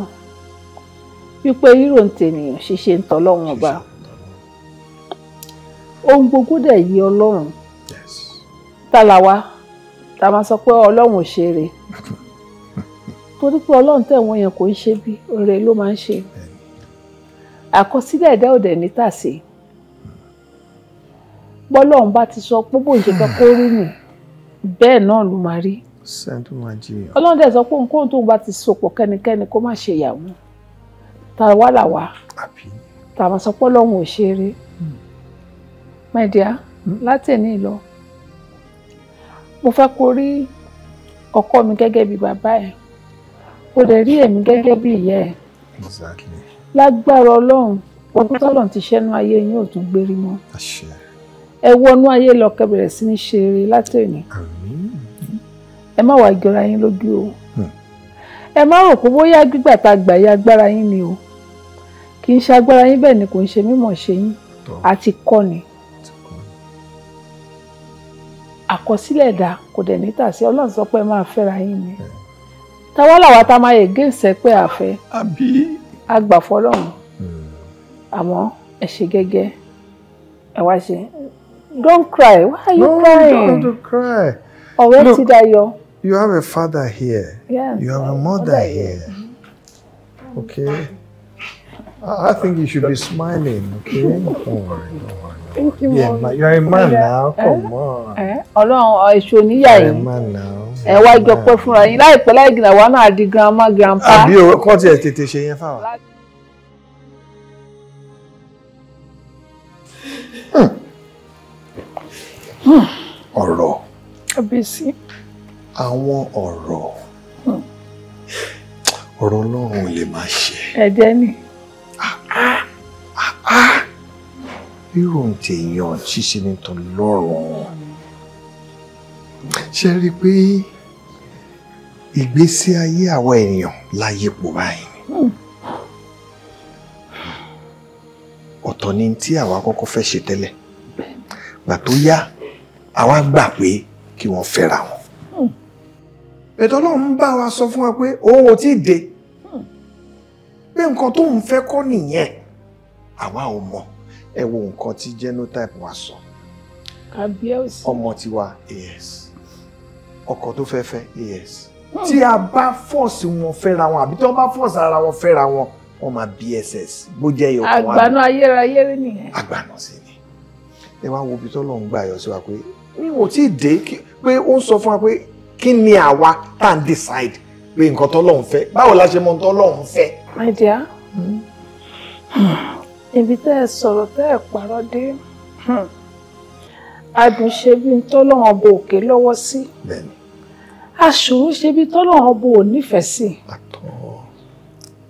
wípé rírò ń tènìyàn ṣíṣe ń tọ́ lọ́rùn ọba ohun gbogbo dẹ̀ yí ọlọ́run tálàwá tá máa sọ pé ọlọ́run ò ṣe rè [laughs] torí pé ọlọ́run tẹ̀wọ̀n yẹn kò ń ṣe bí oore ló máa ń ṣe àkọsílẹ̀ ẹ̀dá òdẹ̀ ní tàsé bọ́lọ́run bá ti sọ pé bóun ṣe fẹ́ kó rí nì bẹ́ẹ̀ náà ló máa rí sẹ́ńtù máa jìyà. ọlọ́run dẹ̀ sọ pé nǹkan tó bá ti sopọ̀ kẹ́nikẹ́ni kó má ṣe ìyàwó ta wá là wá ta sọ pé ọlọ́run ò ṣe eré mẹ́díà hmm. hmm? láti ẹ̀ní lọ mo fẹ́ kó rí ọkọ mi gẹ́gẹ́ bí bàbá ẹ̀ o dẹ̀ rí èmi gẹ́gẹ́ bí ìyá ẹ̀ lágbára ọlọ́run ọdún tọ́lọ́run ti ṣẹ́nu ayé yín ò tún gbérí mọ́ ẹ wọnú ayé lọ kẹ́ bẹ̀rẹ̀ sí ní ṣe eré láti ẹ̀ní. àmín ẹ má wàá jọra yín lójú o ẹ má rò pé bóyá gbígbà tá a gbà yá agbára yín ni o kì í ṣe agbára yín bẹ́ẹ̀ ni kò ń ṣe mímọ̀ ṣe yín àti kọ́ ni àkọsílẹ̀ dà kò dẹ̀ ní tàsí ọlọ́run sọ pé ẹ máa fẹ́ra yín ni táwa làwa tá a máa yẹ gẹ́ǹsẹ̀ pé àfẹ́ agbàfọ́lọ́run hmm. àmọ́ ẹ ṣe gẹ́gẹ́ ẹ wá ṣe don't cry why are you no, crying don't, don't cry ọ̀rẹ́ ti dayọ̀. You have a father here. Yeah. You have a mother here. Okay. I think you should be smiling, okay? Don't worry, don't worry. Thank you, yeah, Mom. You're a man now, eh? come on. Eh? Ọlọ́run ẹ̀ṣọ́ ah, níyà yìí. You're a man now. Ẹ wá jọ pé fúnra yín láìpẹ́ láì gìnà wa náà di grandma grandpa. Àbí o, kọ́ tiẹ̀ tètè ṣe Hmm. fáwọn. Hmm. Ọ̀rọ̀. Kábíyèsí àwọn ọ̀rọ̀ hmm. ọ̀rọ̀ ọlọ́run ò lè máa ṣe. ẹ̀jẹ̀ ni. rírò ń tèèyàn ṣíṣe nítorí lọ́rùn ṣe rí i pé ìgbésí ayé àwa èèyàn láyé pò báyìí hmm. ọ̀tọ̀ ni tí àwa kọ́kọ́ fẹ́ ṣe tẹ́lẹ̀ gbà tó yá àwa gbà pé kí wọ́n fẹ́ra wọn ètò ọlọ́run ń bá wa sọ fún wa pé òun ò tí ì dé hmm. pé nǹkan tó ń fẹ́ kọ́ nìyẹn àwa ò mọ̀ ẹ wo nǹkan tí genotype wa sọ ọmọ tiwa as ọkọ tó fẹ́ fẹ́ as hmm. tí a bá force wọn fẹ́ra wọn àbí tí wọ́n bá fọ́ọ̀sì ara wọn fẹ́ra wọn wọ́n máa bss bó jẹ́ ìyókù wa àgbàna ayérayé nìyẹn àgbàna sí ni ẹ wá wo ibi tọ́lọ́run gbà yọ sí wa pé mi ò tí ì dé pé ó ń sọ fún wa pé kí ni àwa tá à ń decide pé nǹkan tọ́lọ́run fẹ́ báwo la ṣe mọ tọ́lọ́run fẹ́. my dear hmm? ibi tẹ́ ẹ sọ̀rọ̀ tẹ́ ẹ parọ́ dé hmm, adùn ṣe bí tọ́lọ́run ọba òkè lọ́wọ́ sí aṣòro ṣe bí tọ́lọ́run ọba ò nífẹ̀ẹ́ sí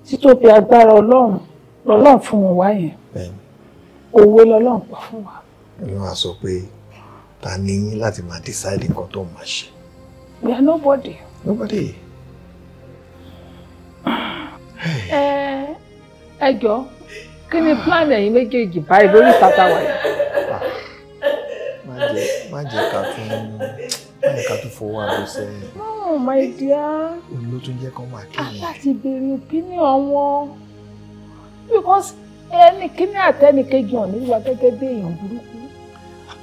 títóbi agbára ọlọ́run lọ́lọ́run fún wọn wá yẹn òwe lọ́lọ́run pa fún wa. ìlú wa sọ pé ta ni yín láti máa decide nǹkan tó máa ṣe We are nobody. Nobody. Ẹ [sighs] eh, ẹ jọ kí ni plan ẹ̀yin méjèèjì báyìí lórí ìtàtà wa yìí. Má jẹ́ ká tún má jẹ́ ká tún fowó àbò sẹ́yìn. Oh my dear. Òun ló tún jẹ́ kán máa kí ni. Láti béèrè opinion wọn because ẹnì kíní àtẹnìkejì hàn nígbà gẹ́gẹ́ bí èèyàn burúkú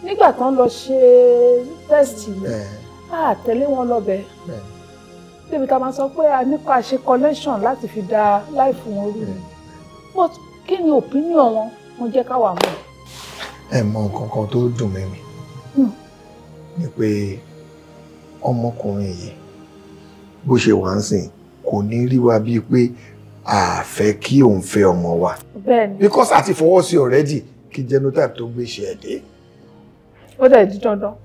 nígbà tán lọ ṣe test yìí. Eh a tẹ̀lé wọn lọ́bẹ̀ débi tá a máa sọ pé a ní ká ṣe collection láti fi da láìfù wọn rú ni but kí ni opinion wọn mo jẹ́ ká wà mọ́. ẹ mọ nǹkan kan tó dùn mí mi hmm. ni pé ọmọkùnrin yìí bó ṣe wà ń sìn kò ní rí wa bíi pé a fẹ́ kí òun fẹ́ ọmọ wa. bẹ́ẹ̀ni. because a ti fọwọ́ sí already kí genotype tó gbé ṣe ẹ̀ dé. ó dẹ̀ di dandan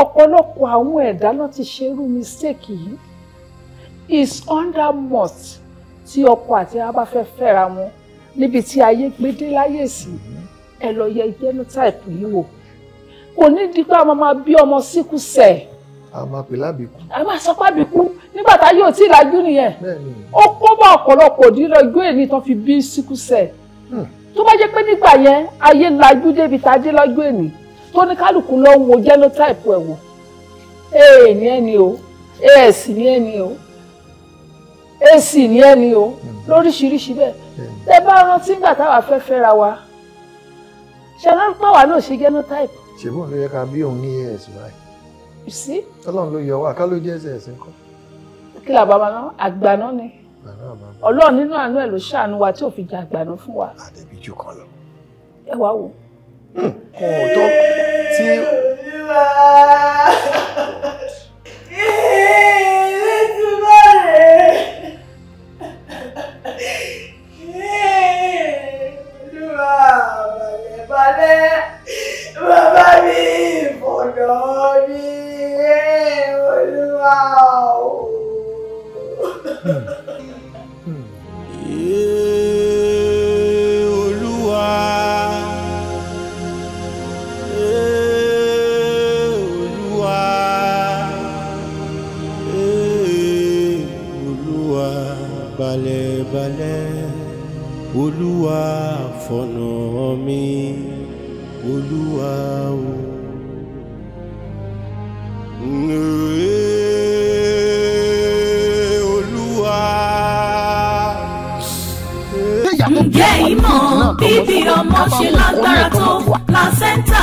ọ̀pọ̀lọpọ̀ àwọn ẹ̀dá ló ti ṣerú mistake yìí is under must tí ọkọ àti aya bá fẹ́ fẹ́ra wọn níbi tí ayé gbédé láyè sí ẹ lọ yẹ genotype yìí wò kò ní di pé ọmọ máa bí ọmọ síkú sẹ̀. a máa pè lábìkú. a máa sọ pábìkú nígbà tá yóò tí ì lajú nìyẹn ó kó bá ọ̀pọ̀lọpọ̀ òdìrọ̀ èyí tó fi bí síkú sẹ̀ hmm. tó bá jẹ́ pé nígbà yẹn ayé lajú débi tá a dé lọ́jọ́ ènìyàn tó ní kálukú lọ ń wo genotype ẹ̀ wò ee ní ẹni o as ní ẹni o ac ní ẹni o lóríṣiríṣi bẹ́ẹ̀ tẹ bá rántí nígbà táwa fẹ́ fẹ́ra wa ṣe lọ́pọ̀ wa náà ṣe genotype. ṣèbọn ló yẹ ká bí òun ní as báyìí. you see. ọlọ́run ló yọ wá ká ló jẹ́ ẹsẹ̀ ẹ̀sìn kan. kí làbá máa ná àgbàná ni ọlọ́run nínú àánú ẹ̀ ló ṣàánú wa tí ò fi jẹ àgbàná fún wa. àdẹ̀bíjú kan lọ. ẹ wá wò コード、ツー。うわ balẹ̀ balẹ̀ olúwa fọ̀nà mi olúwa o. olúwa. ǹjẹ́ ìmọ̀ bíbí ọmọ ṣe lágbára tó placenta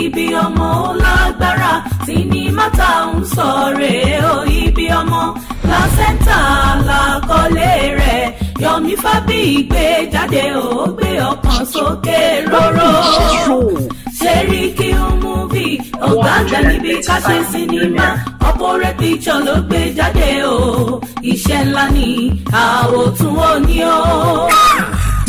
ibi ọmọ ó lágbára sinimá tá à ń sọ rèé o ibi ọmọ placenta làkọlé rẹ̀ yọ̀mí fábíyì gbé jáde ó gbé ọkàn sókè róró Seriki movie ọ̀gá àgbà níbi ká ṣe sinimá ọ̀pọ̀rẹ́ picture ló gbé jáde ó iṣẹ́ ńlá ni àwòtún òní ó.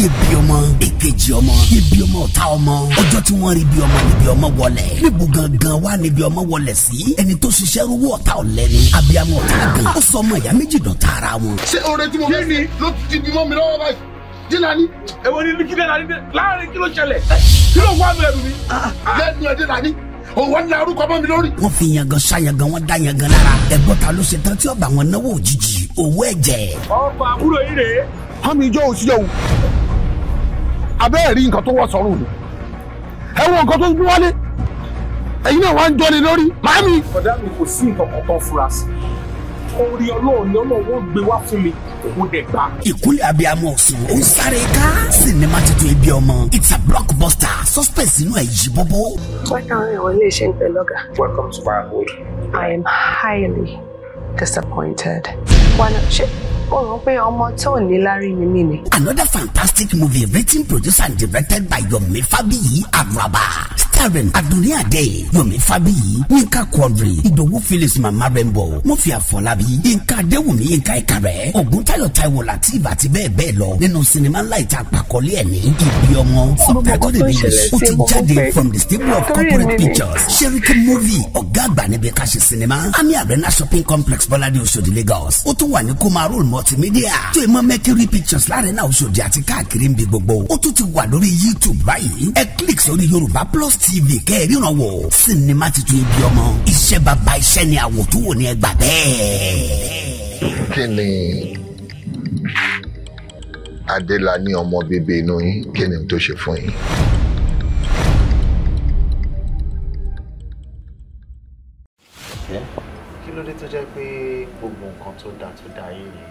ibi ọmọ kejì ọmọ ibi ọmọ ọ̀tá ọmọ ọjọ́ tí wọ́n rí ibi ọmọ níbi ọmọ wọlé níbo gangan wà níbi ọmọ wọlé sí ẹni tó ṣiṣẹ́ rówó ọ̀tá ọ̀lẹ́ ni abiyamọ ọ̀tá gan ó sọ ọmọ ìyá méjì dọ̀tá ara wọn. ṣé oore tí mo fẹ́ ni ló ti di mọ́ mi lọ́wọ́ báyìí dílani èwo ni kí dílani láàrin kí ló ṣẹlẹ̀ kí ló wá mi ẹ̀rù mi lẹ́nu ẹ̀ dílani òwò ní arúgbó ọmọ mi lórí. wọ́n fi yangan ṣayangan wọ́n dá yangan lára ẹ̀gbọ́n ta ló ṣe tán tí ọba àwọn náwó òjijì owó ẹ̀jẹ̀. ọkọ àbúrò yìí rèé. hami ijó òsì jẹun abẹ́rẹ́ rí nǹkan tó wọ̀ sọ́rùn ni ẹ wo nǹkan tó gbé wálé ẹ̀yin náà wá ń jọ́ni lórí màámi. ọ̀dà mi kò sí nǹkan kan tán fura sí orí ọlọ́run ni gbé wá fún mi kò dẹ̀ gbà. ìkúlẹ̀ abiyamọ ọ̀sùn ó ń sáré ká sinimá tuntun ibi ọmọ it's a blockbuster suspense inú ẹ̀ yí bọ́bọ́. wákàtí àwọn ilé iṣẹ́ ń pè lọ́gà. welcome to my world. i am highly disappointed. Why not ship? another fantastic movie written produced and directed by Yomi Fabiyi Araba karen adunni ade yomi fabi yinka quadri idowu phillips mama rainbow mọfi àfọlábí yinka adéwùmí yinka ìkàrẹ ògúntayọ̀ taiwo latif àti bẹ́ẹ̀ bẹ́ẹ̀ lọ nínú sinimá láìta àpàkọlé ẹ ibi ọmọ ọtàkọlẹ ní o ti jáde from the stable of corporate pictures seriki movie ọ̀gá àgbà níbi ká ṣe sinimá ami arena shopping complex bọ́ládé oṣòdì lagos ó tún wà ní kumarol multimedia tó ìmọ̀ mercury pictures lárẹ́nà oṣòdì àti káàkiri ń bi gbogbo ó tún ti wà lórí youtube báyìí ẹ click sórí yorùbá plus t tv kẹ́ẹ̀ríran wò sinimá titun ibi ọmọ iṣẹ́ bàbá iṣẹ́ ni àwò tó wò ní ẹgbà bẹ́ẹ̀. kí ni adela ní ọmọ bíbí inú yín kí ni tó ṣe fún yín. kí ló dé tó jẹ́ pé gbogbo nǹkan tó dáa tó dáa yìí ni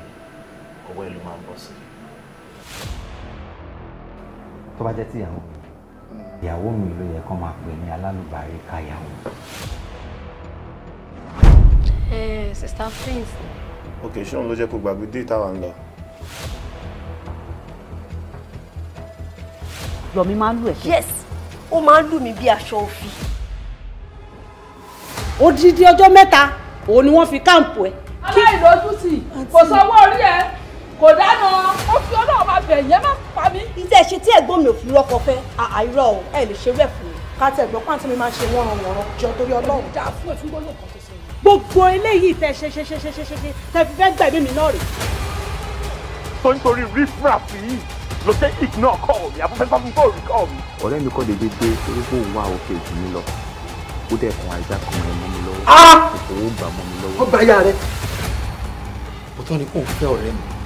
ọwọ́ ẹ̀ ló máa ń bọ̀ sí. tó bá jẹ́ tíyàwó ìyàwó mi ló yẹ kó máa pè ní alálùbárí káyàwó. ẹ sista prince. ok ṣóun ló jẹ́ kó gbàgbé déètà wa ń lọ. yọ̀mí máa ń lù ẹ́ kí. yes ó máa ń lù mí bí aṣọ òfì. odidi ọjọ́ mẹ́ta òun ni wọ́n fi káàmpù ẹ̀. aláìlójútì kò sanwó orí ẹ̀ kò dáná ó fi ọlọ́run máa bẹ̀ yẹn má pa mí. iṣẹ́ ṣe tí ẹ̀gbọ́n mi ò fi rọ́kọ fẹ́ àìrọ̀ o ẹ lè ṣe rẹ̀ fún mi káàtẹ́ ẹ̀gbọ́n pàǹtí mi máa ń ṣe wọ́nran wọ̀nran jọ torí ọlọ́run. gbogbo eléyìí tẹ ṣe ṣe ṣe ṣe ṣe tẹ fi fẹ́ gbẹ̀mí mi náà rè. tó ń torí rífràfì yìí ló ṣe ignore call mi àfẹ́fẹ́ fún kò rí call mi. ọ̀rẹ́ mi kọ́ kan ajá kan ẹ̀ mọ́ mi lọ́wọ́ òkòwò ah! gbà mọ́ mi lọ́wọ́. ó bá rẹ̀ òótọ́ ni kò ń fẹ́ ọ̀rẹ́ mi.